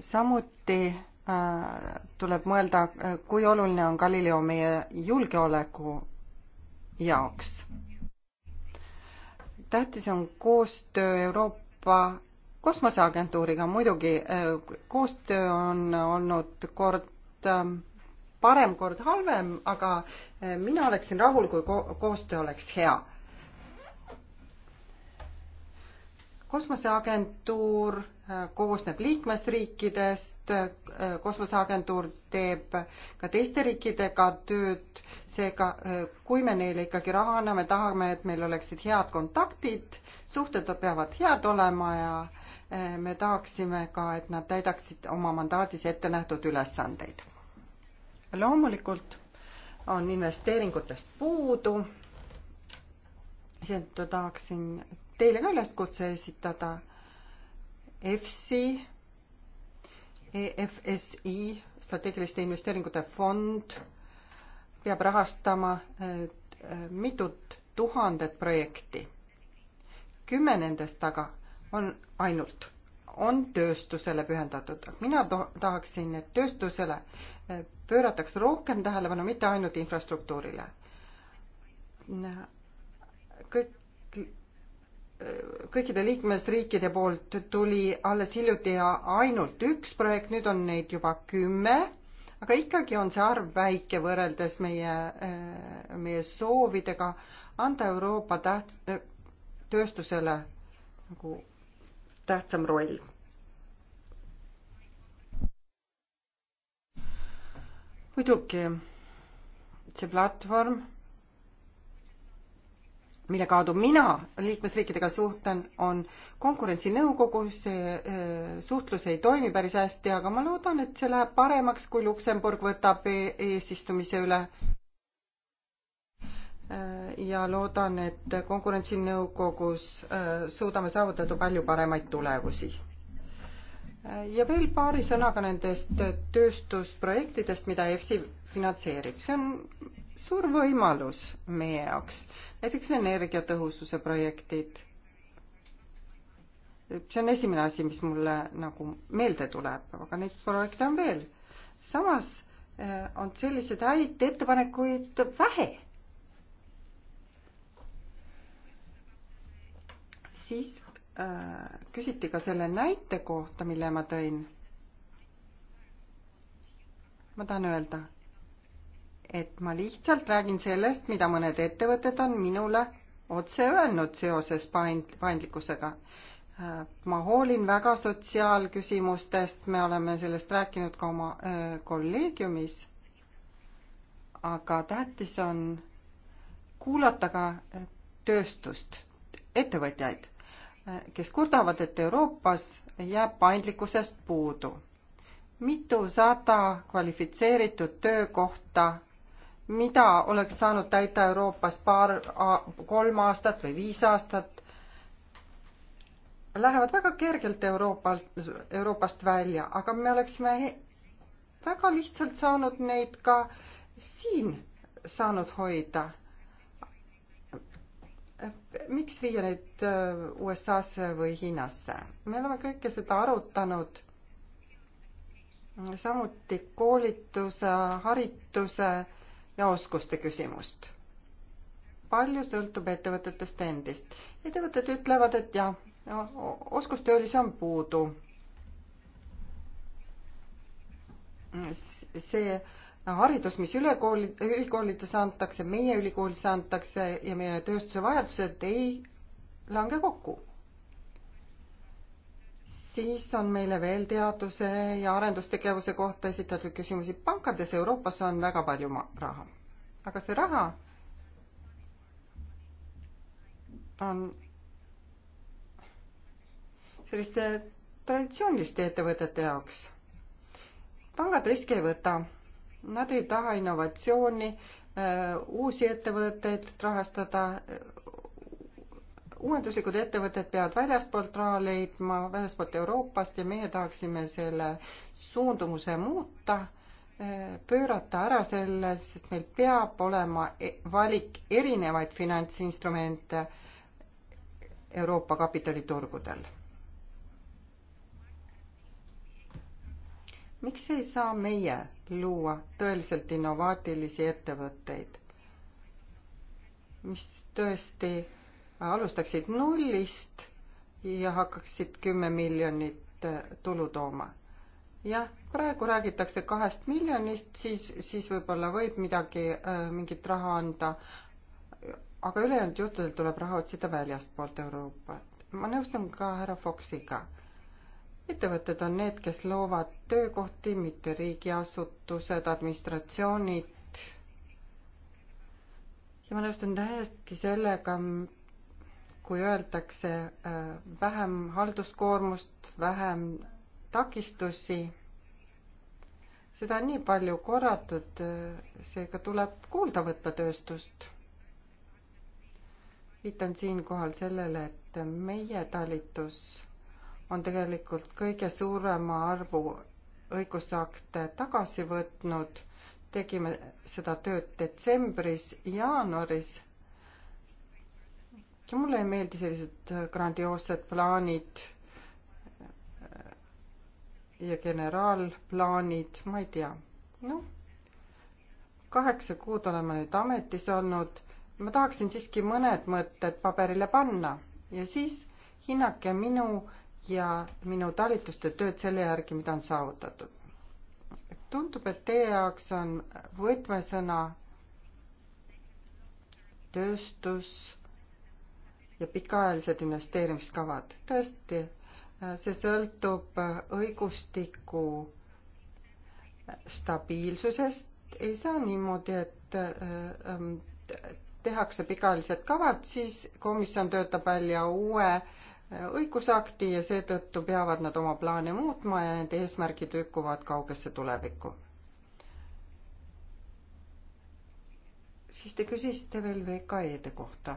samuti äh, tuleb mõelda, kui oluline on Galileo meie julgeoleku jaoks. tähtis on koostöö Euroopa kosmoseagentuuriga muidugi äh, koostöö on olnud kord äh, parem, kord halvem, aga äh, mina oleksin rahul, kui ko koostöö oleks hea. kosmoseagentuur koosneb liikmesriikidest, kosmoseagentuur teeb ka teiste riikidega tööd, seega kui me neile ikkagi raha anname, tahame, et meil oleksid head kontaktid, suhted peavad head olema ja me tahaksime ka, et nad täidaksid oma mandaadis ette nähtud ülesandeid. loomulikult on investeeringutest puudu, seetõttu tahaksin teile ka üleskutse esitada. EFSI, EFSI, strateegiliste investeeringute fond peab rahastama äh, mitut tuhandet projekti. kümme nendest aga on ainult, on tööstusele pühendatud. mina tahaksin, et tööstusele eh, pöörataks rohkem tähelepanu, mitte ainult infrastruktuurile. kõik kõikide liikmesriikide poolt tuli alles hiljuti ainult üks projekt, nüüd on neid juba kümme, aga ikkagi on see arv väike võrreldes meie, eh, meie soovidega anda Euroopa täht-, tööstusele nagu tähtsam roll. muidugi see platvorm, mille kaudu mina liikmesriikidega suhtlen, on konkurentsinõukogu, see äh, suhtlus ei toimi päris hästi, aga ma loodan, et see läheb paremaks, kui Luksemburg võtab e-, eesistumise üle Äh, ja loodan, et konkurentsinõukogus äh, suudame saavutada palju paremaid tulemusi. Äh, ja veel paari sõnaga nendest tööstusprojektidest, mida EFSI finantseerib. see on suur võimalus meie jaoks, näiteks energiatõhususe projektid. see on esimene asi, mis mulle nagu meelde tuleb, aga neid projekte on veel. samas on selliseid häid ettepanekuid vähe siis äh, küsiti ka selle näite kohta, mille ma tõin. ma tahan öelda, et ma lihtsalt räägin sellest, mida mõned ettevõtted on minule otse öelnud seoses paindlikkusega. Paindlikusega. Äh, ma hoolin väga sotsiaalküsimustest, me oleme sellest rääkinud ka oma öö, äh, kolleegiumis. aga tähtis on kuulata ka äh, tööstust, ettevõtjaid kes kurdavad, et Euroopas jääb paindlikkusest puudu. mitusada kvalifitseeritud töökohta, mida oleks saanud täita Euroopas paar, kolm aastat või viis aastat, lähevad väga kergelt Euroopalt, Euroopast välja, aga me oleksime väga lihtsalt saanud neid ka siin saanud hoida miks viia neid äh, USA-sse või Hiinasse? me oleme kõike seda arutanud, samuti koolituse, harituse ja oskuste küsimust. palju sõltub ettevõtetest endist. ettevõtted ütlevad, et jah, oskustöölisi on puudu. see haridus, mis ülekooli, ülikoolides antakse, meie ülikoolis antakse ja meie tööstuse vajadused ei lange kokku. siis on meile veel teaduse ja arendustegevuse kohta esitatud küsimusi. pankades Euroopas on väga palju raha, aga see raha on selliste traditsiooniliste ettevõtete jaoks. pangad riske ei võta Nad ei taha innovatsiooni, äh, uusi ettevõtteid rahastada. uuenduslikud ettevõtted peavad väljastpoolt raha leidma, väljastpoolt Euroopast ja meie tahaksime selle suundumuse muuta, äh, pöörata ära selle, sest meil peab olema e-, valik erinevaid finantsinstrumente Euroopa kapitaliturgudel miks ei saa meie luua tõeliselt innovaatilisi ettevõtteid, mis tõesti alustaksid nullist ja hakkaksid kümme miljonit äh, tulu tooma? jah, praegu räägitakse kahest miljonist, siis, siis võib-olla võib midagi, äh, mingit raha anda, aga ülejäänud juhtudel tuleb raha otsida väljastpoolt Euroopat. ma nõustun ka härra Foxiga ettevõtted on need, kes loovad töökohti, mitte riigiasutused, administratsioonid. ja ma nõustun täiesti sellega, kui öeldakse äh, vähem halduskoormust, vähem takistusi. seda on nii palju korratud, äh, seega tuleb kuulda võtta tööstust. viitan siinkohal sellele, et meie talitus on tegelikult kõige suurema arvu õigusakte tagasi võtnud. tegime seda tööd detsembris, jaanuaris. ja mulle ei meeldi sellised grandioossed plaanid ja generaalplaanid, ma ei tea. noh, kaheksa kuud olen ma nüüd ametis olnud. ma tahaksin siiski mõned mõtted paberile panna ja siis hinnake minu ja minu talituste tööd selle järgi, mida on saavutatud. tundub, et teie jaoks on võtmesõna tööstus ja pikaajalised investeerimiskavad. tõesti, see sõltub õigustiku stabiilsusest, ei saa niimoodi, et ähm, tehakse pikaajalised kavad, siis komisjon töötab välja uue äh, õigusakti ja seetõttu peavad nad oma plaane muutma ja nende eesmärgid lükkuvad kaugesse tulevikku. siis te küsisite veel VKE-de kohta.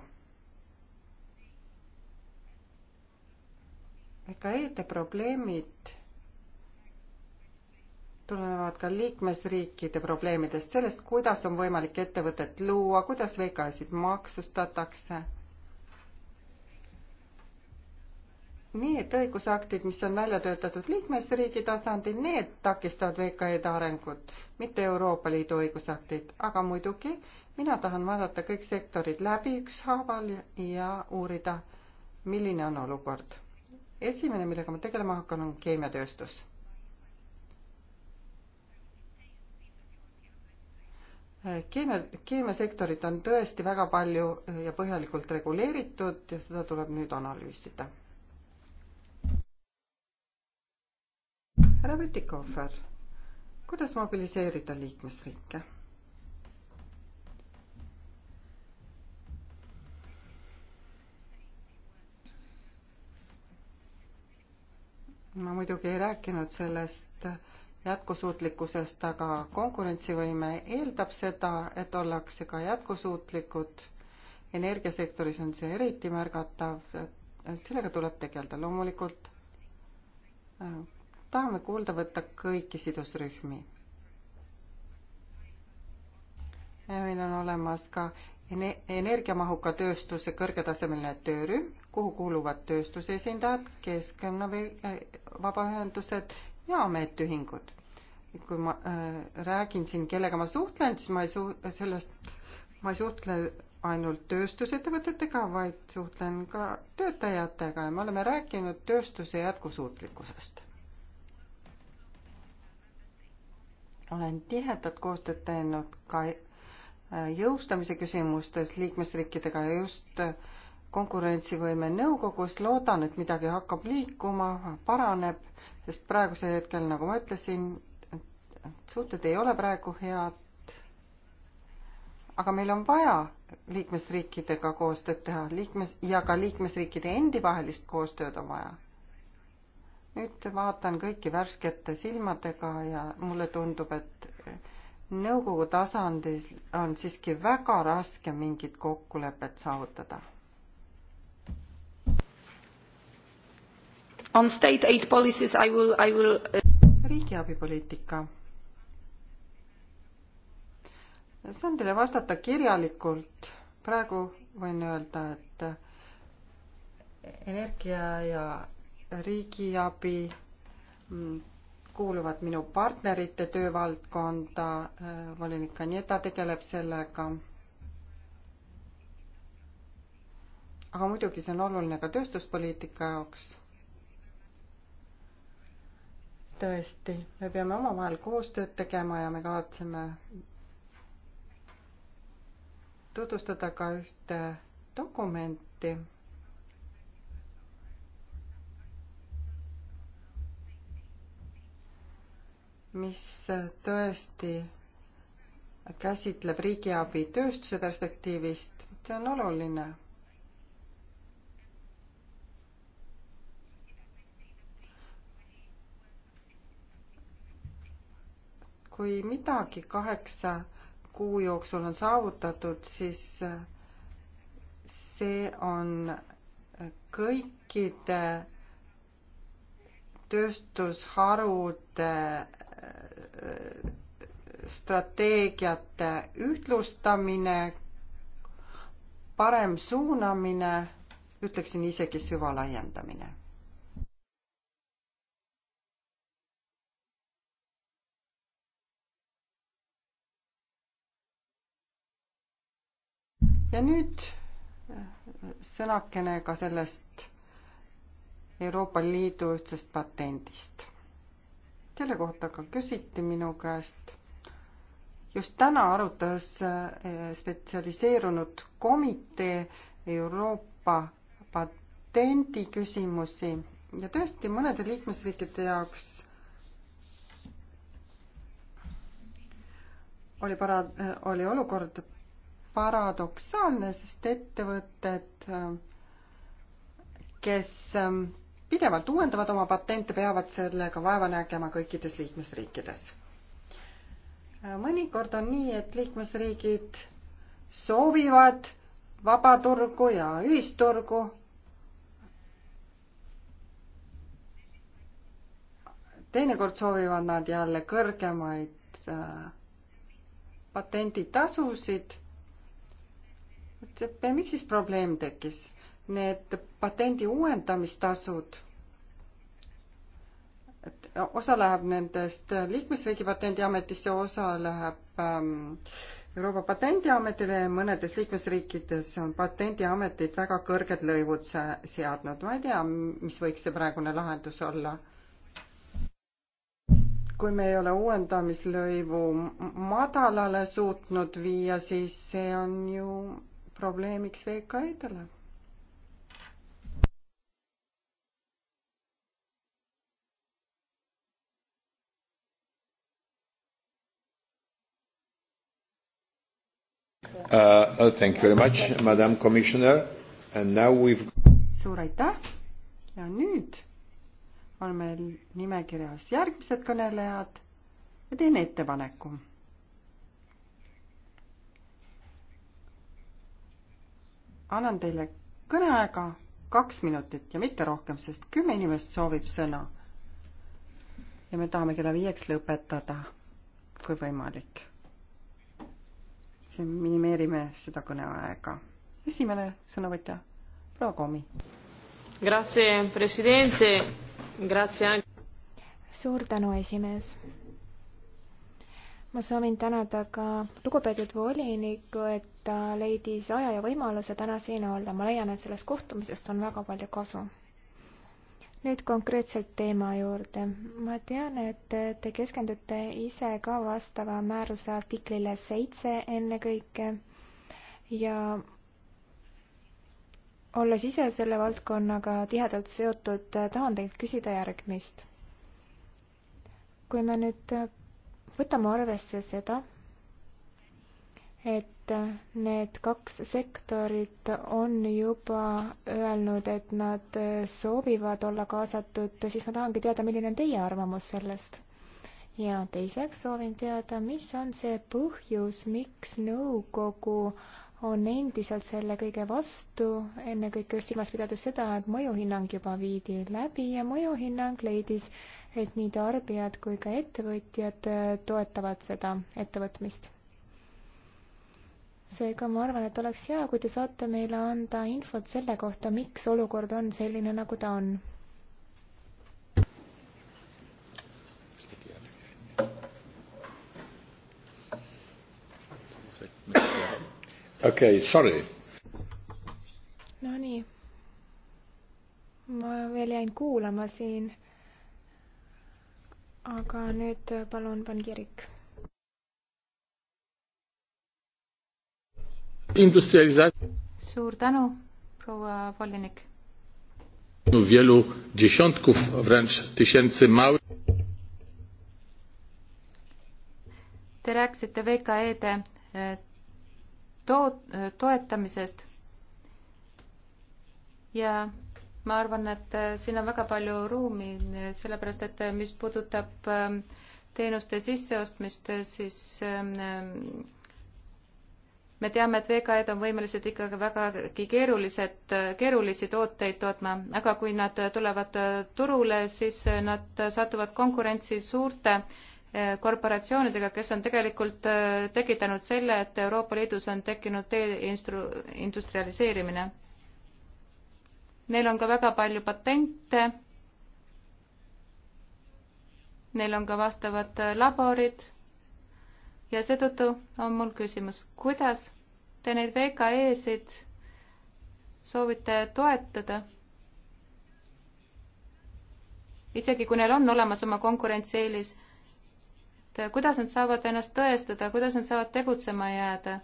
VKE-de probleemid tulenevad ka liikmesriikide probleemidest, sellest, kuidas on võimalik ettevõtet luua, kuidas VKE-sid maksustatakse need õigusaktid, mis on välja töötatud liikmesriigi tasandil, need takistavad VKE-de arengut, mitte Euroopa Liidu õigusaktid, aga muidugi mina tahan vaadata kõik sektorid läbi ükshaaval ja uurida, milline on olukord. esimene, millega ma tegelema hakkan, on keemiatööstus. keemia, keemiasektorit on tõesti väga palju ja põhjalikult reguleeritud ja seda tuleb nüüd analüüsida härra Pütikohver, kuidas mobiliseerida liikmesriike? ma muidugi ei rääkinud sellest jätkusuutlikkusest, aga konkurentsivõime eeldab seda, et ollakse ka jätkusuutlikud. energiasektoris on see eriti märgatav, sellega tuleb tegeleda loomulikult äh, tahame kuulda võtta kõiki sidusrühmi. meil on olemas ka energiamahuka tööstuse kõrgetasemeline töörühm, kuhu kuuluvad tööstuse esindajad, keskkonna või äh, vabaühendused ja ametiühingud. kui ma äh, räägin siin, kellega ma suhtlen, siis ma ei suu-, sellest, ma ei suhtle ainult tööstusettevõtetega, vaid suhtlen ka töötajatega ja me oleme rääkinud tööstuse jätkusuutlikkusest. olen tihedat koostööd teinud ka äh, jõustamise küsimustes liikmesriikidega ja just äh, konkurentsivõime nõukogus, loodan, et midagi hakkab liikuma, paraneb, sest praegusel hetkel, nagu ma ütlesin, suhted ei ole praegu head. aga meil on vaja liikmesriikidega koostööd teha, liikmes- ja ka liikmesriikide endi vahelist koostööd on vaja nüüd vaatan kõiki värskete silmadega ja mulle tundub, et nõukogu tasandil on siiski väga raske mingit kokkulepet saavutada. On state aid policies I will, I will uh, riigiabipoliitika. saan teile vastata kirjalikult, praegu võin öelda, et energia ja riigiabi mm, kuuluvad minu partnerite töövaldkonda, äh, volinik Kanjeta tegeleb sellega. aga muidugi see on oluline ka tööstuspoliitika jaoks. tõesti, me peame omavahel koostööd tegema ja me kavatseme tutvustada ka ühte dokumenti mis tõesti käsitleb riigiabi tööstuse perspektiivist, see on oluline. kui midagi kaheksa kuu jooksul on saavutatud, siis see on kõikide tööstusharude strateegiate ühtlustamine, parem suunamine, ütleksin isegi süvalaiendamine. ja nüüd sõnakene ka sellest Euroopa Liidu ühtsest patendist selle kohta ka küsiti minu käest. just täna arutas eh, spetsialiseerunud komitee Euroopa patendi küsimusi ja tõesti mõnede liikmesriikide jaoks oli para-, oli olukord paradoksaalne, sest ettevõtted, eh, kes eh, pidevalt uuendavad oma patente, peavad sellega vaeva nägema kõikides liikmesriikides. mõnikord on nii, et liikmesriigid soovivad vabaturgu ja ühisturgu, teinekord soovivad nad jälle kõrgemaid äh, patenditasusid. et miks siis probleem tekkis? need patendi uuendamistasud, et osa läheb nendest liikmesriigi patendiametisse, osa läheb ähm, Euroopa Patendiametile ja mõnedes liikmesriikides on patendiametid väga kõrged lõivud seadnud. ma ei tea, mis võiks see praegune lahendus olla. kui me ei ole uuendamislõivu madalale suutnud viia, siis see on ju probleemiks VKE-dele Uh, oh, thank you very much, madam commissioner. And now we've. suur aitäh ja nüüd on meil nimekirjas järgmised kõnelejad ja teen ettepaneku. annan teile kõneaega kaks minutit ja mitte rohkem, sest kümme inimest soovib sõna. ja me tahame kella viieks lõpetada, kui võimalik siis minimeerime seda kõneaega. esimene sõnavõtja, proua Komi. Grazie, presidente. Grazie. suur tänu, esimees. ma soovin tänada ka lugupeetud volinikku, et ta leidis aja ja võimaluse täna siin olla. ma leian, et sellest kohtumisest on väga palju kasu nüüd konkreetselt teema juurde. ma tean, et te keskendute ise ka vastava määruse artiklile seitse ennekõike ja olles ise selle valdkonnaga tihedalt seotud, tahan teilt küsida järgmist. kui me nüüd võtame arvesse seda, et need kaks sektorit on juba öelnud, et nad soovivad olla kaasatud, siis ma tahangi teada, milline on teie arvamus sellest? ja teiseks soovin teada, mis on see põhjus, miks nõukogu on endiselt selle kõige vastu, ennekõike just silmas pidades seda, et mõjuhinnang juba viidi läbi ja mõjuhinnang leidis, et nii tarbijad kui ka ettevõtjad toetavad seda ettevõtmist seega ma arvan, et oleks hea, kui te saate meile anda infot selle kohta, miks olukord on selline, nagu ta on. okei okay,, sorry. Nonii. ma veel jäin kuulama siin. aga nüüd palun, Pan Kirik suur tänu, proua volinik. wielu dziesiątków, wręcz tysięcy małych. Te rääkisite VKE-de e, toot-, e, toetamisest ja ma arvan, et e, siin on väga palju ruumi, sellepärast et mis puudutab teenuste sisseostmist, siis me teame, et VKE-d on võimelised ikkagi vägagi keerulised, keerulisi tooteid tootma, aga kui nad tulevad turule, siis nad satuvad konkurentsi suurte eh, korporatsioonidega, kes on tegelikult eh, tekitanud selle, et Euroopa Liidus on tekkinud teeinstru-, industrialiseerimine. Neil on ka väga palju patente, neil on ka vastavad laborid ja seetõttu on mul küsimus, kuidas te neid VKE-sid soovite toetada? isegi kui neil on olemas oma konkurentsieelis, et kuidas nad saavad ennast tõestada, kuidas nad saavad tegutsema jääda?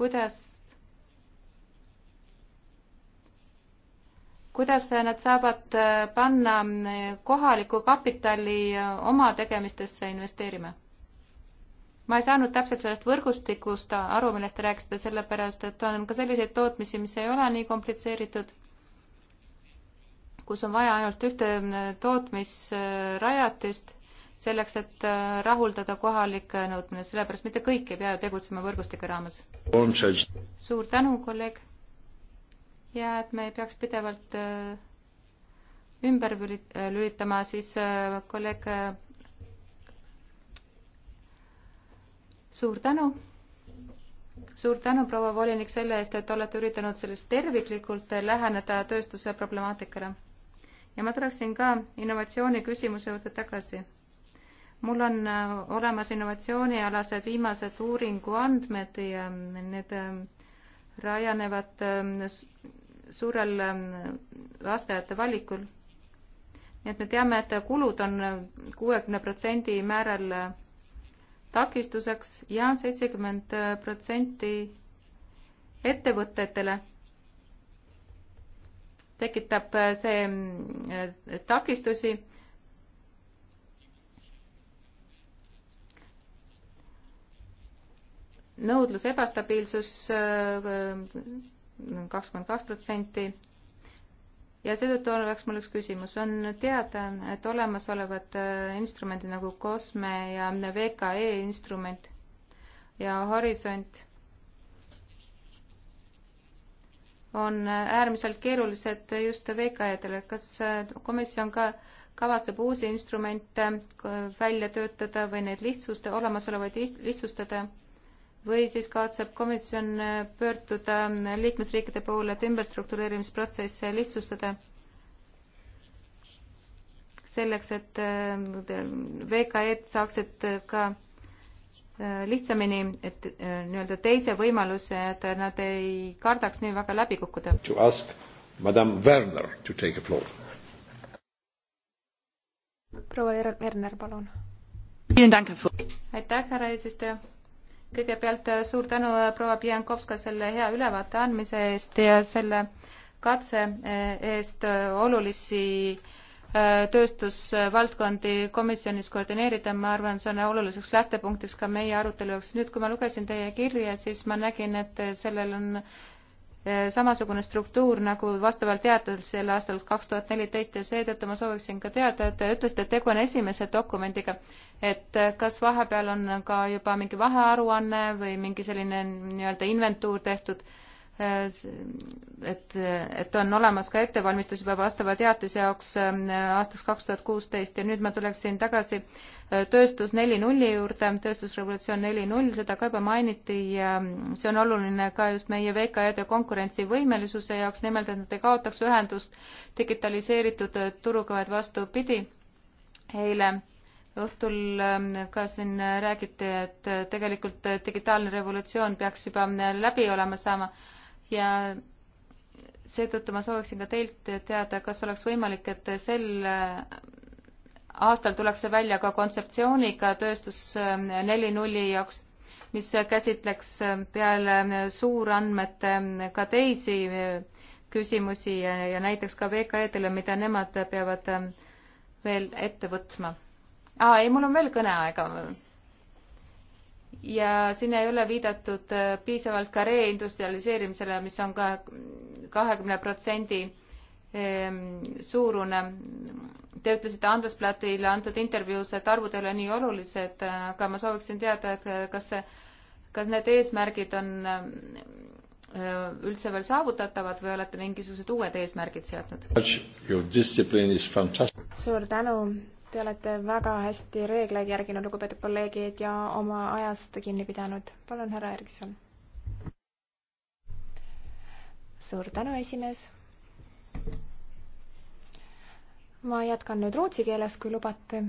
kuidas kuidas nad saavad äh, panna äh, kohaliku kapitali äh, oma tegemistesse investeerima? ma ei saanud täpselt sellest võrgustikust aru, millest te rääkisite, sellepärast et on ka selliseid tootmisi, mis ei ole nii komplitseeritud, kus on vaja ainult ühte mm, tootmisrajatist selleks, et äh, rahuldada kohalikke nõudmine, sellepärast mitte kõik ei pea ju tegutsema võrgustike raames. suur tänu, kolleeg. ja et me ei peaks pidevalt äh, ümber lülitama, siis äh, kolleeg suur tänu. suur tänu, proua volinik, selle eest, et olete üritanud sellest terviklikult läheneda tööstuse problemaatikale. ja ma tuleksin ka innovatsiooni küsimuse juurde tagasi. mul on äh, olemas innovatsioonialased viimased uuringu andmed ja need äh, rajanevad äh, suurel vastajate valikul. nii et me teame, et kulud on kuuekümne protsendi määral takistuseks ja seitsekümmend protsenti ettevõtetele tekitab see eh, takistusi. nõudluse ebastabiilsus eh, kakskümmend kaks protsenti ja seetõttu oleks mul üks küsimus. on teada, et olemasolevad äh, instrumendid nagu COSME ja VKE instrument ja Horisont on äh, äärmiselt keerulised just VKE-dele. kas äh, komisjon ka kavatseb uusi instrumente välja töötada või neid lihtsusta, olemasolevaid lihtsustada? või siis kavatseb komisjon äh, pöörduda äh, liikmesriikide poole, et ümberstruktureerimisprotsesse lihtsustada selleks, et äh, VKE-d saaksid ka lihtsamini, et nii-öelda teise võimaluse, et nad ei kardaks nii väga läbi kukkuda. To ask madam Werner to take a floor. proua Werner, palun. aitäh, härra eesistuja kõigepealt äh, suur tänu äh, proua Piankovska selle hea ülevaate andmise eest ja selle katse äh, eest olulisi tööstusvaldkondi komisjonis koordineerida, ma arvan, see on oluliseks lähtepunktiks ka meie arutelu jaoks. nüüd, kui ma lugesin teie kirja, siis ma nägin, et sellel on Äh, samasugune struktuur nagu vastavalt teadlasele aastal kaks tuhat neliteist ja seetõttu ma sooviksin ka teada, et te ütlesite, et tegu on esimese dokumendiga, et äh, kas vahepeal on ka juba mingi vahearuanne või mingi selline nii-öelda inventuur tehtud Äh, et, et on olemas ka ettevalmistus juba vastava teatise jaoks äh, aastaks kaks tuhat kuusteist ja nüüd ma tuleksin tagasi äh, tööstus neli nulli juurde, tööstusrevolutsioon neli null, seda ka juba mainiti ja see on oluline ka just meie VKE-de konkurentsivõimelisuse jaoks, nimelt et nad ei kaotaks ühendust digitaliseeritud turuga, vaid vastupidi, eile õhtul ähm, ka siin räägiti, et tegelikult digitaalne revolutsioon peaks juba läbi olema saama ja seetõttu ma sooviksin ka teilt teada, kas oleks võimalik, et sel äh, aastal tuleks see välja ka kontseptsiooniga tööstus äh, neli nulli jaoks, mis käsitleks äh, peale suurandmete ka teisi küsimusi ja, ja näiteks ka VKE-dele, mida nemad peavad veel ette võtma. aa, ei, mul on veel kõneaega ja siin ei ole viidatud äh, piisavalt ka reindustrialiseerimisele, mis on ka kahekümne protsendi ähm, suurune. Te ütlesite Andesplatile antud intervjuus, et arvud ei ole nii olulised, äh, aga ma sooviksin teada, et äh, kas see, kas need eesmärgid on üldse veel saavutatavad või olete mingisugused uued eesmärgid seadnud? suur tänu, Te olete väga hästi reegleid järginud, lugupeetud kolleegid, ja oma ajast kinni pidanud. palun, härra Erkson. suur tänu, esimees. ma jätkan nüüd rootsi keeles, kui lubate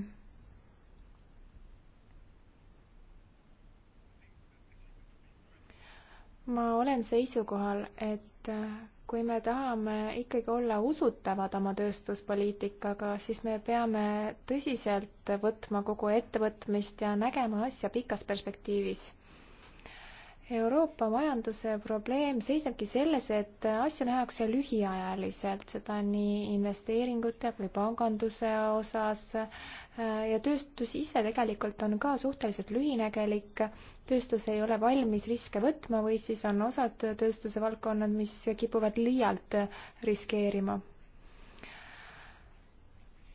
ma olen seisukohal, et kui me tahame ikkagi olla usutavad oma tööstuspoliitikaga, siis me peame tõsiselt võtma kogu ettevõtmist ja nägema asja pikas perspektiivis Euroopa majanduse probleem seisnebki selles, et asju nähakse lühiajaliselt, seda nii investeeringute kui panganduse osas ja tööstus ise tegelikult on ka suhteliselt lühinägelik, tööstus ei ole valmis riske võtma või siis on osad tööstuse valdkonnad, mis kipuvad liialt riskeerima.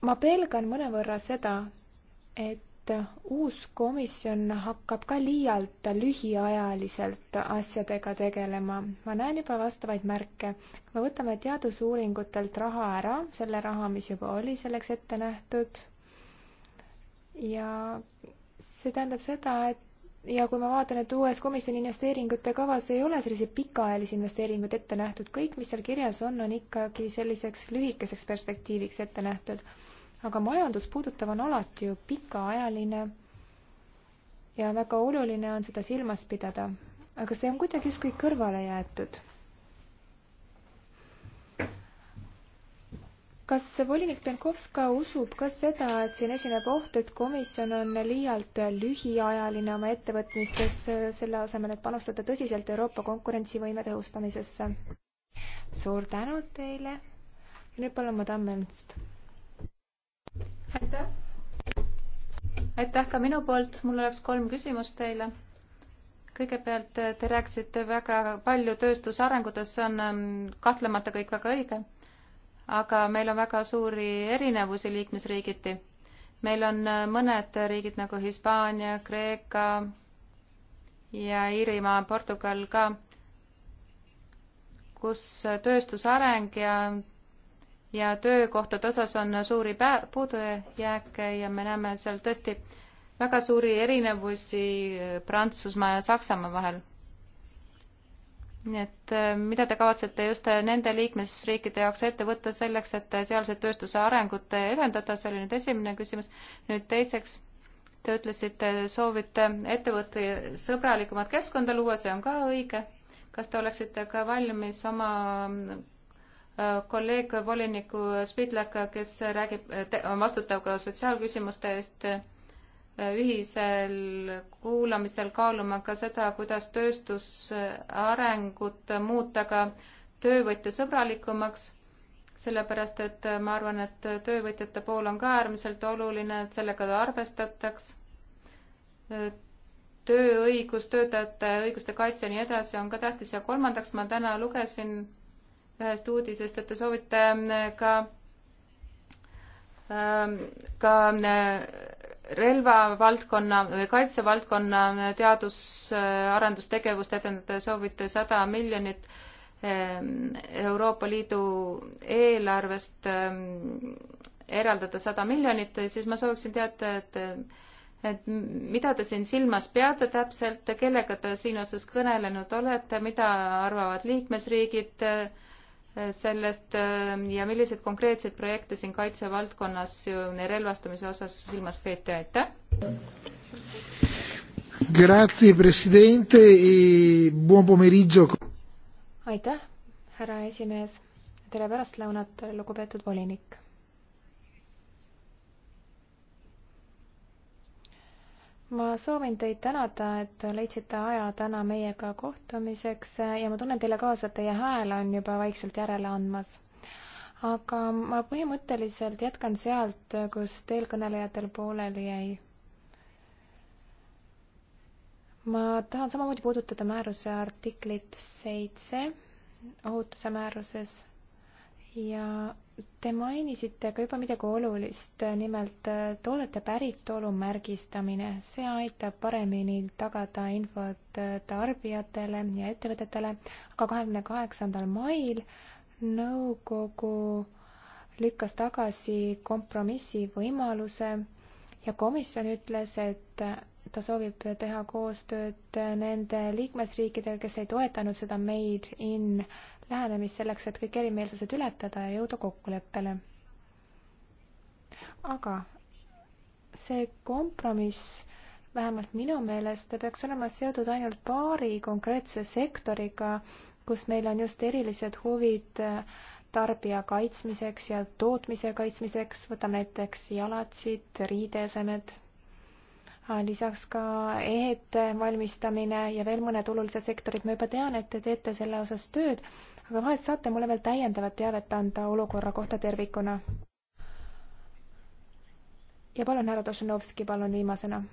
ma pelgan mõnevõrra seda, et et uus komisjon hakkab ka liialt lühiajaliselt asjadega tegelema. ma näen juba vastavaid märke. me võtame teadusuuringutelt raha ära, selle raha, mis juba oli selleks ette nähtud. ja see tähendab seda, et ja kui ma vaatan, et uues komisjoni investeeringute kavas ei ole selliseid pikaajalisi investeeringuid ette nähtud, kõik, mis seal kirjas on, on ikkagi selliseks lühikeseks perspektiiviks ette nähtud aga majandus puudutav on alati ju pikaajaline ja väga oluline on seda silmas pidada, aga see on kuidagi ükskõik kõrvale jäetud. kas volinik Penkovska usub ka seda, et siin esineb oht, et komisjon on liialt lühiajaline oma ettevõtmistes, selle asemel, et panustada tõsiselt Euroopa konkurentsivõime tõhustamisesse? suur tänu teile ja nüüd palun madam Mönst aitäh. aitäh ka minu poolt, mul oleks kolm küsimust teile. kõigepealt eh, te rääkisite väga palju tööstuse arengutest, see on ehm, kahtlemata kõik väga õige, aga meil on väga suuri erinevusi liikmesriigiti. meil on eh, mõned riigid nagu Hispaania, Kreeka ja Iirimaa, Portugal ka, kus eh, tööstuse areng ja ja töökohtade osas on suuri puudujääke ja me näeme seal tõesti väga suuri erinevusi äh, Prantsusmaa ja Saksamaa vahel. nii et äh, mida te kavatsete just äh, nende liikmesriikide jaoks ette võtta selleks, et sealse tööstuse arengut edendada, see oli nüüd esimene küsimus. nüüd teiseks, te ütlesite, soovite ettevõtte sõbralikumat keskkonda luua, see on ka õige. kas te oleksite ka valmis oma kolleeg voliniku Spidlaka, kes räägib, on vastutav ka sotsiaalküsimuste eest, ühisel kuulamisel kaaluma ka seda, kuidas tööstusarengut muuta ka töövõtja sõbralikumaks, sellepärast et ma arvan, et töövõtjate pool on ka äärmiselt oluline, et sellega arvestataks. tööõigus, töötajate õiguste kaitse ja nii edasi on ka tähtis ja kolmandaks ma täna lugesin ühest uudisest, et te soovite ähm, ka, ähm, ka äh, relvavaldkonna või kaitsevaldkonna äh, teadus-arendustegevust äh, edendada, soovite sada miljonit ähm, Euroopa Liidu eelarvest eraldada sada miljonit, siis ma sooviksin teada, et et mida te siin silmas peate täpselt, kellega te siin osas kõnelenud olete, mida arvavad liikmesriigid äh, sellest ähm, ja milliseid konkreetseid projekte siin kaitsevaldkonnas relvastamise osas silmas peeti, aitäh! Grazie presidente e buon pomeriggio. aitäh, härra esimees. tere pärastlõunat, lugupeetud volinik ma soovin teid tänada, et leidsite aja täna meiega kohtumiseks äh, ja ma tunnen teile kaasa, et teie hääl on juba vaikselt järele andmas. aga ma põhimõtteliselt jätkan sealt, kus eelkõnelejatel pooleli jäi. ma tahan samamoodi puudutada määruse artiklit seitse ohutuse määruses ja te mainisite ka juba midagi olulist, nimelt äh, toodete päritolu märgistamine. see aitab paremini tagada infot äh, tarbijatele ja ettevõtetele, aga kahekümne kaheksandal mail nõukogu lükkas tagasi kompromissi võimaluse ja komisjon ütles, et äh, ta soovib teha koostööd nende liikmesriikidega, kes ei toetanud seda Made in lähenemist selleks, et kõik erimeelsused ületada ja jõuda kokkuleppele. aga see kompromiss vähemalt minu meelest peaks olema seotud ainult paari konkreetse sektoriga, kus meil on just erilised huvid äh, tarbija kaitsmiseks ja tootmise kaitsmiseks, võtame näiteks jalatsid, riideesemed, äh, lisaks ka ehete valmistamine ja veel mõned olulised sektorid, ma juba tean, et te teete selle osas tööd, aga vahest saate mulle veel täiendavat teavet anda olukorra kohta tervikuna? ja palun, härra Tošenovski, palun viimasena.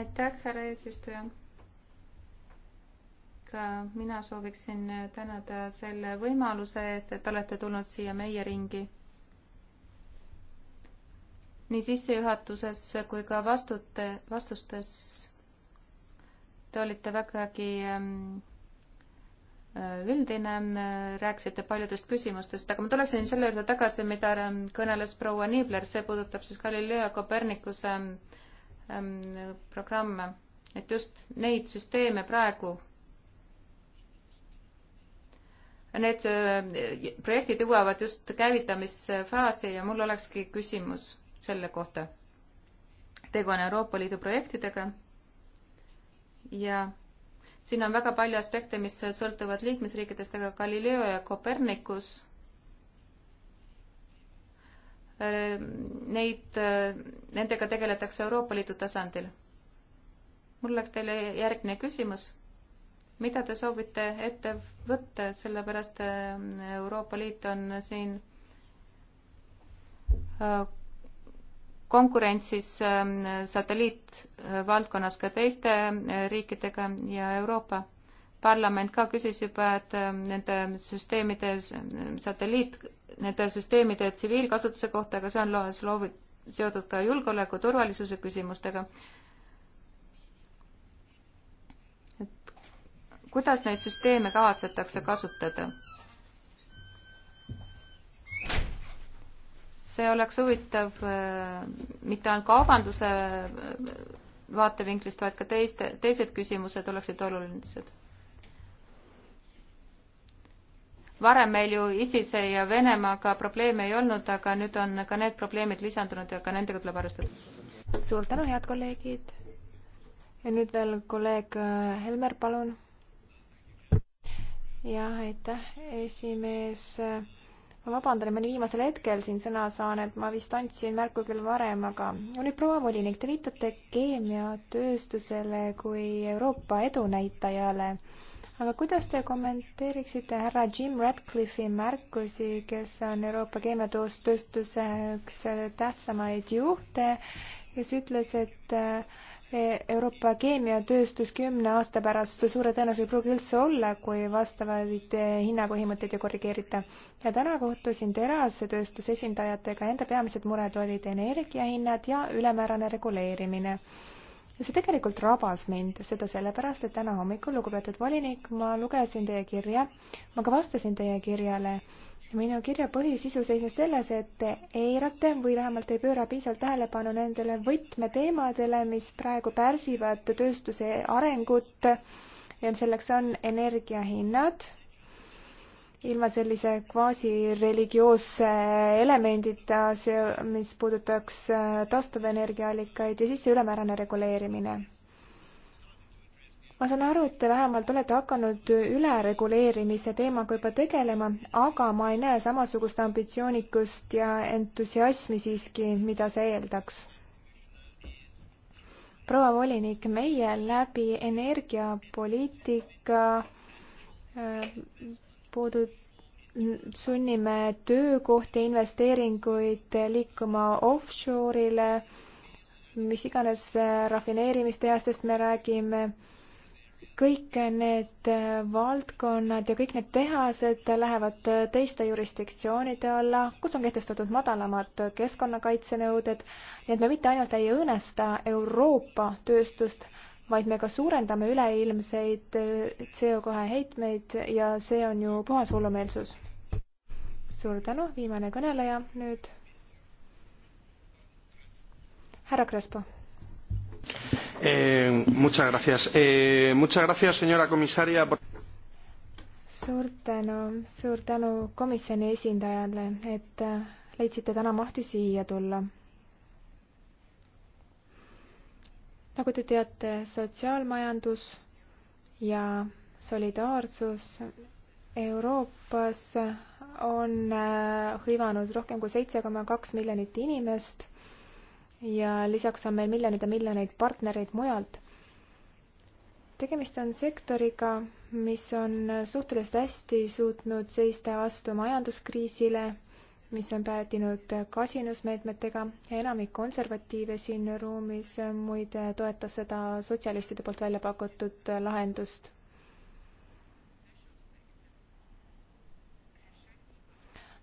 aitäh, härra eesistuja. ka mina sooviksin tänada selle võimaluse eest, et olete tulnud siia meie ringi nii sissejuhatuses kui ka vastute, vastustes Te olite vägagi ähm, äh, üldine, äh, rääkisite paljudest küsimustest, aga ma tuleksin selle juurde tagasi, mida ähm, kõneles proua Niibler, see puudutab siis Galileo Copernicuse ähm, programme, et just neid süsteeme praegu need äh, projektid jõuavad just käivitamisfaasi ja mul olekski küsimus selle kohta. tegu on Euroopa Liidu projektidega ja siin on väga palju aspekte, mis sõltuvad liikmesriikidest, aga Galileo ja Copernicus, äh, neid, äh, nendega tegeletakse Euroopa Liidu tasandil. mul oleks teile järgmine küsimus. mida te soovite ette võtta, sellepärast äh, Euroopa Liit on siin konkurentsis ähm, satelliitvaldkonnas ka teiste äh, riikidega ja Euroopa Parlament ka küsis juba, et ähm, nende süsteemide satelliit, nende süsteemide tsiviilkasutuse kohta, aga see on loovi-, seotud ka julgeoleku, turvalisuse küsimustega. et kuidas neid süsteeme kavatsetakse kasutada? see oleks huvitav äh, mitte ainult kaubanduse äh, vaatevinklist, vaid ka teiste, teised küsimused oleksid olulised. varem meil ju ISISe ja Venemaaga probleeme ei olnud, aga nüüd on ka need probleemid lisandunud ja ka nendega tuleb arvestada. suur tänu, head kolleegid. ja nüüd veel kolleeg äh, Helmer, palun. jah, aitäh, esimees ma vabandan, et ma nii viimasel hetkel siin sõna saan, et ma vist andsin märku küll varem, aga no nüüd proua volinik, te viitate keemiatööstusele kui Euroopa edunäitajale aga kuidas te kommenteeriksite härra Jim Ratcliffe'i märkusi, kes on Euroopa keemiatööstuse üks tähtsamaid juhte, kes ütles, et Euroopa keemiatööstus kümne aasta pärast suure tõenäosusega ei pruugi üldse olla, kui vastavaid hinnapõhimõtteid ei korrigeerita. ja täna kohtusin terasetööstuse esindajatega, enda peamised mured olid energiahinnad ja ülemäärane reguleerimine. ja see tegelikult rabas mind, seda sellepärast, et täna hommikul, lugupeetud volinik, ma lugesin teie kirja, ma ka vastasin teie kirjale minu kirja põhisisu seisnes selles, et te eirate või vähemalt ei pööra piisavalt tähelepanu nendele võtmeteemadele, mis praegu pärsivad tööstuse arengut ja selleks on energiahinnad. ilma sellise kvaasireligioosse elemendita, see, mis puudutaks taastuvenergiaallikaid ja siis see ülemäärane reguleerimine ma saan aru, et te vähemalt olete hakanud ülereguleerimise teemaga juba tegelema, aga ma ei näe samasugust ambitsioonikust ja entusiasmi siiski, mida see eeldaks. proua volinik, meie läbi energiapoliitika äh, puudut-, sunnime töökohti, investeeringuid liikuma offshore'ile, mis iganes äh, rafineerimistehastest me räägime kõik need äh, valdkonnad ja kõik need tehased lähevad äh, teiste jurisdiktsioonide alla, kus on kehtestatud madalamad keskkonnakaitsenõuded, nii et me mitte ainult ei õõnesta Euroopa tööstust, vaid me ka suurendame üleilmseid äh, CO2 heitmeid ja see on ju puhas hullumeelsus. suur tänu, viimane kõneleja nüüd. härra Crespo Eh, muchas gracias eh,. Muchas gracias, senora komissaria por.... suur tänu, suur tänu komisjoni esindajale, et äh, leidsite täna mahti siia tulla. nagu te teate, sotsiaalmajandus ja solidaarsus Euroopas on äh, hõivanud rohkem kui seitse koma kaks miljonit inimest ja lisaks on meil miljoneid ja miljoneid partnereid mujalt. tegemist on sektoriga, mis on suhteliselt hästi suutnud seista vastu majanduskriisile, mis on päädinud kasinusmeetmetega ja enamik konservatiive siin ruumis muide toetas seda sotsialistide poolt välja pakutud lahendust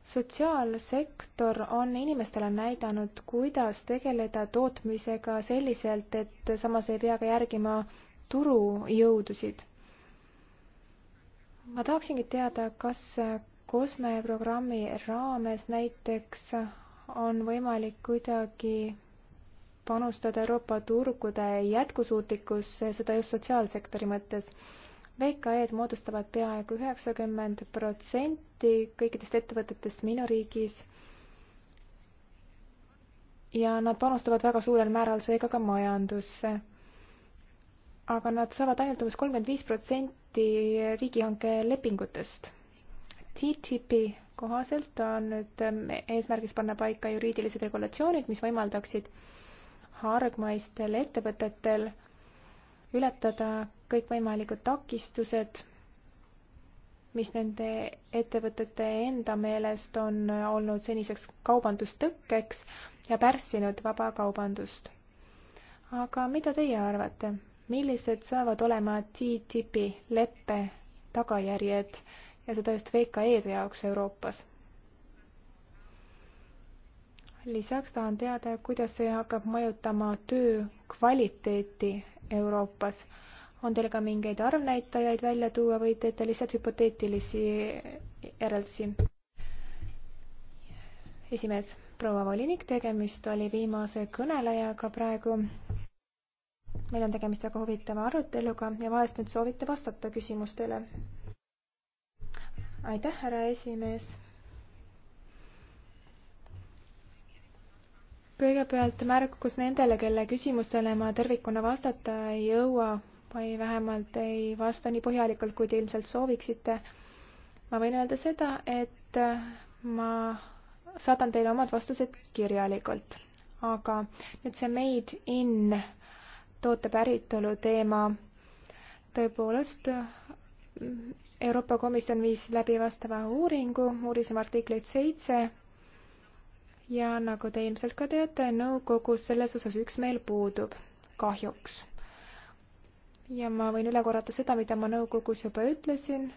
sotsiaalsektor on inimestele näidanud, kuidas tegeleda tootmisega selliselt, et samas ei pea ka järgima turujõudusid. ma tahaksingi teada, kas COSME programmi raames näiteks on võimalik kuidagi panustada Euroopa turgude jätkusuutlikkusse, seda just sotsiaalsektori mõttes VKE-d moodustavad peaaegu üheksakümmend protsenti kõikidest ettevõtetest minu riigis. ja nad panustavad väga suurel määral seega ka majandusse. aga nad saavad ainult umbes kolmkümmend viis protsenti riigihanke lepingutest. TTIP-i kohaselt on nüüd eesmärgis panna paika juriidilised regulatsioonid, mis võimaldaksid hargmaistel ettevõtetel ületada kõikvõimalikud takistused, mis nende ettevõtete enda meelest on olnud seniseks kaubandustõkkeks ja pärssinud vabakaubandust. aga mida teie arvate, millised saavad olema TTIP-i leppe tagajärjed ja seda just VKE-de jaoks Euroopas? lisaks tahan teada, kuidas see hakkab mõjutama töö kvaliteeti Euroopas on teil ka mingeid arvnäitajaid välja tuua või teete lihtsalt hüpoteetilisi järeldusi? esimees, proua volinik, tegemist oli viimase kõnelejaga praegu. meil on tegemist väga huvitava aruteluga ja vahest nüüd soovite vastata küsimustele. aitäh, härra esimees kõigepealt märkus nendele, kelle küsimustele ma tervikuna vastata ei jõua, või vähemalt ei vasta nii põhjalikult, kui te ilmselt sooviksite. ma võin öelda seda, et äh, ma saadan teile omad vastused kirjalikult, aga nüüd see made in toote päritolu teema. tõepoolest, Euroopa Komisjon viis läbi vastava uuringu, uurisime artikleid seitse ja nagu te ilmselt ka teate, nõukogus selles osas üksmeel puudub, kahjuks ja ma võin üle korrata seda, mida ma nõukogus juba ütlesin.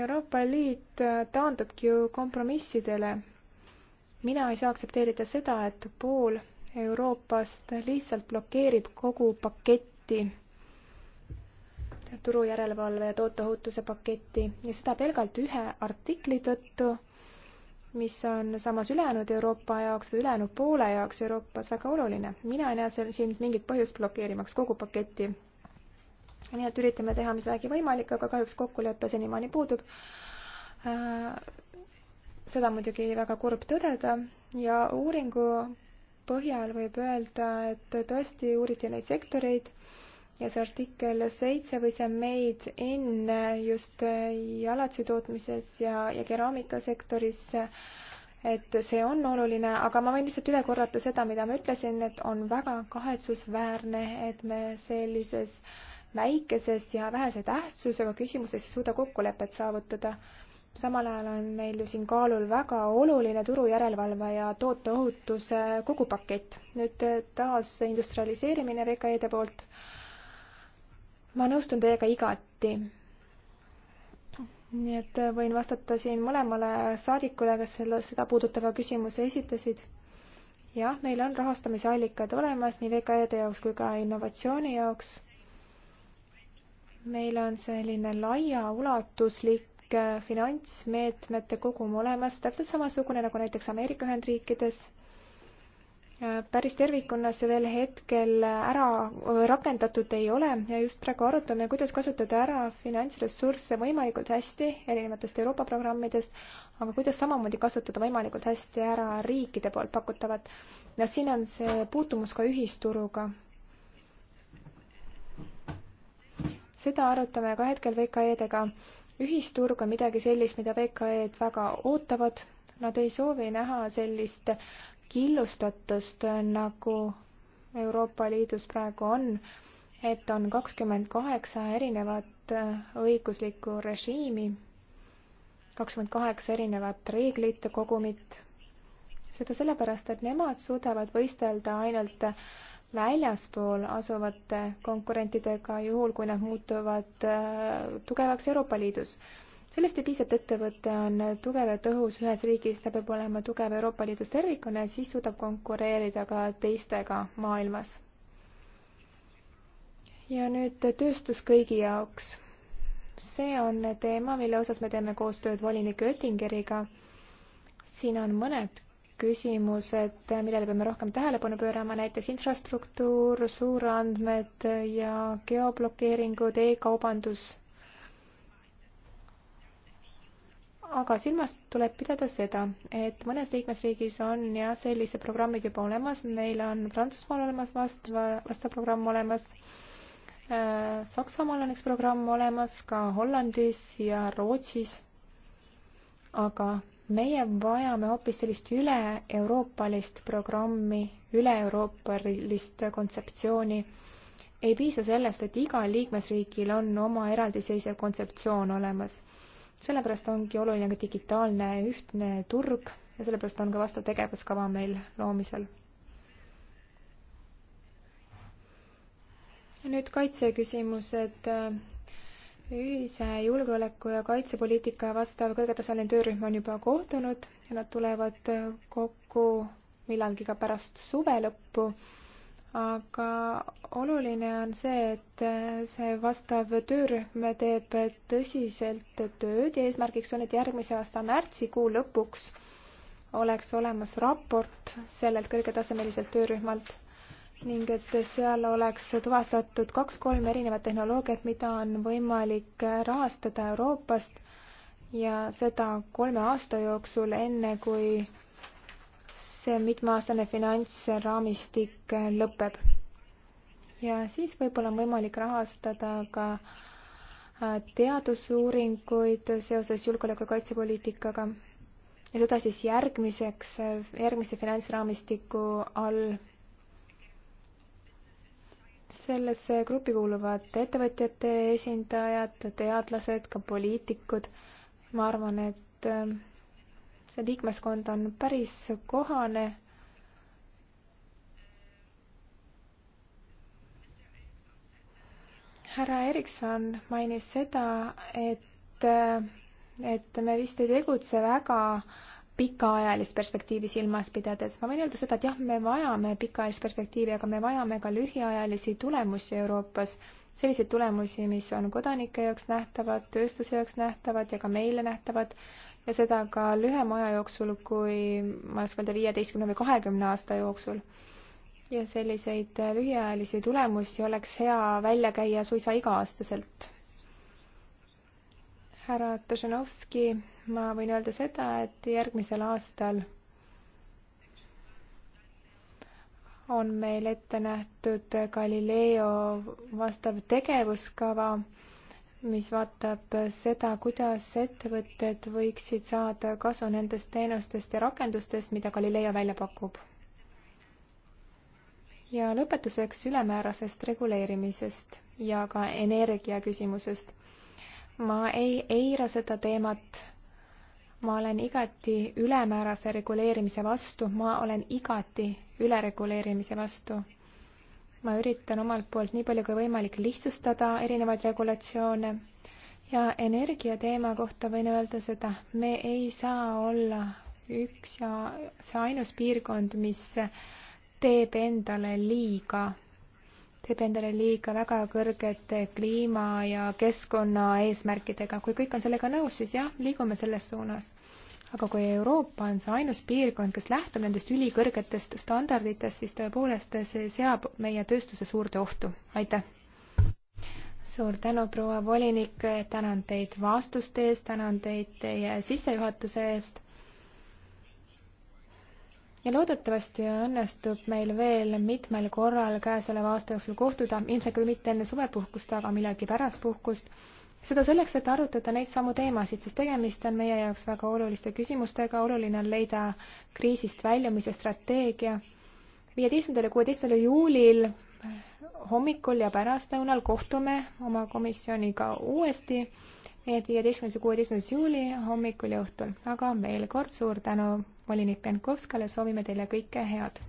Euroopa Liit taandubki ju kompromissidele. mina ei saa aktsepteerida seda, et pool Euroopast lihtsalt blokeerib kogu paketti, turujärelevalve ja tooteohutuse paketti ja seda pelgalt ühe artikli tõttu mis on samas ülejäänud Euroopa jaoks või ülejäänud poole jaoks Euroopas väga oluline. mina ei näe seal siin mingit põhjust blokeerimaks kogu paketti. nii et üritame teha, mis vähegi võimalik, aga kahjuks kokkulepe senimaani puudub. Äh, seda muidugi väga kurb tõdeda ja uuringu põhjal võib öelda, et tõesti uuriti neid sektoreid ja see artikkel seitse või see made in just jalatsi tootmises ja, ja keraamikasektoris, et see on oluline, aga ma võin lihtsalt üle korrata seda, mida ma ütlesin, et on väga kahetsusväärne, et me sellises väikeses ja vähese tähtsusega küsimuses ei suuda kokkulepet saavutada. samal ajal on meil ju siin kaalul väga oluline turujärelevalve ja tooteohutuse kogu pakett. nüüd taas industrialiseerimine VKE-de poolt ma nõustun teiega igati. nii et äh, võin vastata siin mõlemale saadikule, kes selle, seda puudutava küsimuse esitasid. jah, meil on rahastamise allikad olemas nii VKE-de jaoks kui ka innovatsiooni jaoks. meil on selline laiaulatuslik äh, finantsmeetmete kogum olemas, täpselt samasugune nagu näiteks Ameerika Ühendriikides päris tervikuna see veel hetkel ära rakendatud ei ole ja just praegu arutame, kuidas kasutada ära finantsressursse võimalikult hästi erinevatest Euroopa programmidest, aga kuidas samamoodi kasutada võimalikult hästi ära riikide poolt pakutavat. no siin on see puutumus ka ühisturuga. seda arutame ka hetkel VKE-dega. ühisturg on midagi sellist, mida VKE-d väga ootavad Nad ei soovi näha sellist killustatust, nagu Euroopa Liidus praegu on, et on kakskümmend kaheksa erinevat äh, õiguslikku režiimi, kakskümmend kaheksa erinevat reeglite kogumit. seda sellepärast, et nemad suudavad võistelda ainult väljaspool asuvate konkurentidega, juhul kui nad muutuvad äh, tugevaks Euroopa Liidus sellest ei piisa, et ettevõte on tugev ja tõhus ühes riigis, ta peab olema tugev Euroopa Liidus tervikuna ja siis suudab konkureerida ka teistega maailmas. ja nüüd tööstus kõigi jaoks. see on teema, mille osas me teeme koostööd volinik Oettingeriga. siin on mõned küsimused, millele peame rohkem tähelepanu pöörama, näiteks infrastruktuur, suurandmed ja geoblokeeringud e, e-kaubandus aga silmas tuleb pidada seda, et mõnes liikmesriigis on jah, sellised programmid juba olemas, meil on Prantsusmaal olemas vastava, vastav programm olemas, äh, Saksamaal on üks programm olemas, ka Hollandis ja Rootsis, aga meie vajame hoopis sellist üle-euroopalist programmi, üle-euroopalist kontseptsiooni. ei piisa sellest, et igal liikmesriigil on oma eraldiseisev kontseptsioon olemas sellepärast ongi oluline ka digitaalne ühtne turg ja sellepärast on ka vastav tegevuskava meil loomisel. nüüd kaitseküsimused ühise julgeoleku ja kaitsepoliitika vastav kõrgetasemeline töörühm on juba kohtunud ja nad tulevad kokku millalgi ka pärast suve lõppu aga oluline on see, et see vastav töörühm teeb tõsiselt tööd ja eesmärgiks on, et järgmise aasta märtsikuu lõpuks oleks olemas raport sellelt kõrgetasemeliselt töörühmalt ning et seal oleks tuvastatud kaks-kolm erinevat tehnoloogiat, mida on võimalik rahastada Euroopast ja seda kolme aasta jooksul, enne kui see mitmeaastane finantsraamistik äh, lõpeb. ja siis võib-olla on võimalik rahastada ka äh, teadusuuringuid seoses julgeoleku- ja kaitsepoliitikaga ja seda siis järgmiseks, äh, järgmise finantsraamistiku all sellesse gruppi kuuluvad ettevõtjate esindajad, teadlased, ka poliitikud. ma arvan, et see liikmeskond on päris kohane. härra Erikson mainis seda, et, et me vist ei tegutse väga pikaajalist perspektiivi silmas pidades. ma võin öelda seda, et jah, me vajame pikaajalist perspektiivi, aga me vajame ka lühiajalisi tulemusi Euroopas selliseid tulemusi, mis on kodanike jaoks nähtavad, tööstuse jaoks nähtavad ja ka meile nähtavad, ja seda ka lühema aja jooksul, kui ma oleks öelda viieteistkümne või kahekümne aasta jooksul. ja selliseid lühiajalisi tulemusi oleks hea välja käia suisa iga-aastaselt härra Tošenovski, ma võin öelda seda, et järgmisel aastal on meil ette nähtud Galileo vastav tegevuskava mis vaatab seda, kuidas ettevõtted võiksid saada kasu nendest teenustest ja rakendustest, mida Galileo välja pakub. ja lõpetuseks ülemäärasest reguleerimisest ja ka energia küsimusest. ma ei eira seda teemat. ma olen igati ülemäärase reguleerimise vastu, ma olen igati ülereguleerimise vastu ma üritan omalt poolt nii palju kui võimalik lihtsustada erinevaid regulatsioone ja energiateema kohta võin öelda seda, me ei saa olla üks ja see ainus piirkond, mis teeb endale liiga, teeb endale liiga väga kõrgete kliima ja keskkonnaeesmärkidega. kui kõik on sellega nõus, siis jah, liigume selles suunas aga kui Euroopa on see ainus piirkond, kes lähtub nendest ülikõrgetest standarditest, siis tõepoolest see seab meie tööstuse suurde ohtu. aitäh! suur tänu, proua volinik, tänan teid vastuste eest, tänan teid teie sissejuhatuse eest. ja loodetavasti õnnestub meil veel mitmel korral käesoleva aasta jooksul kohtuda, ilmselt küll mitte enne suvepuhkust, aga millalgi pärast puhkust seda selleks, et arutada neid samu teemasid, sest tegemist on meie jaoks väga oluliste küsimustega, oluline on leida kriisist väljumise strateegia. viieteistkümnendal ja kuueteistkümnendal juulil hommikul ja pärastlõunal kohtume oma komisjoniga uuesti, nii et viieteistkümnes ja kuueteistkümnes juuli hommikul ja õhtul. aga veel kord suur tänu volinik Penkovskale, soovime teile kõike head!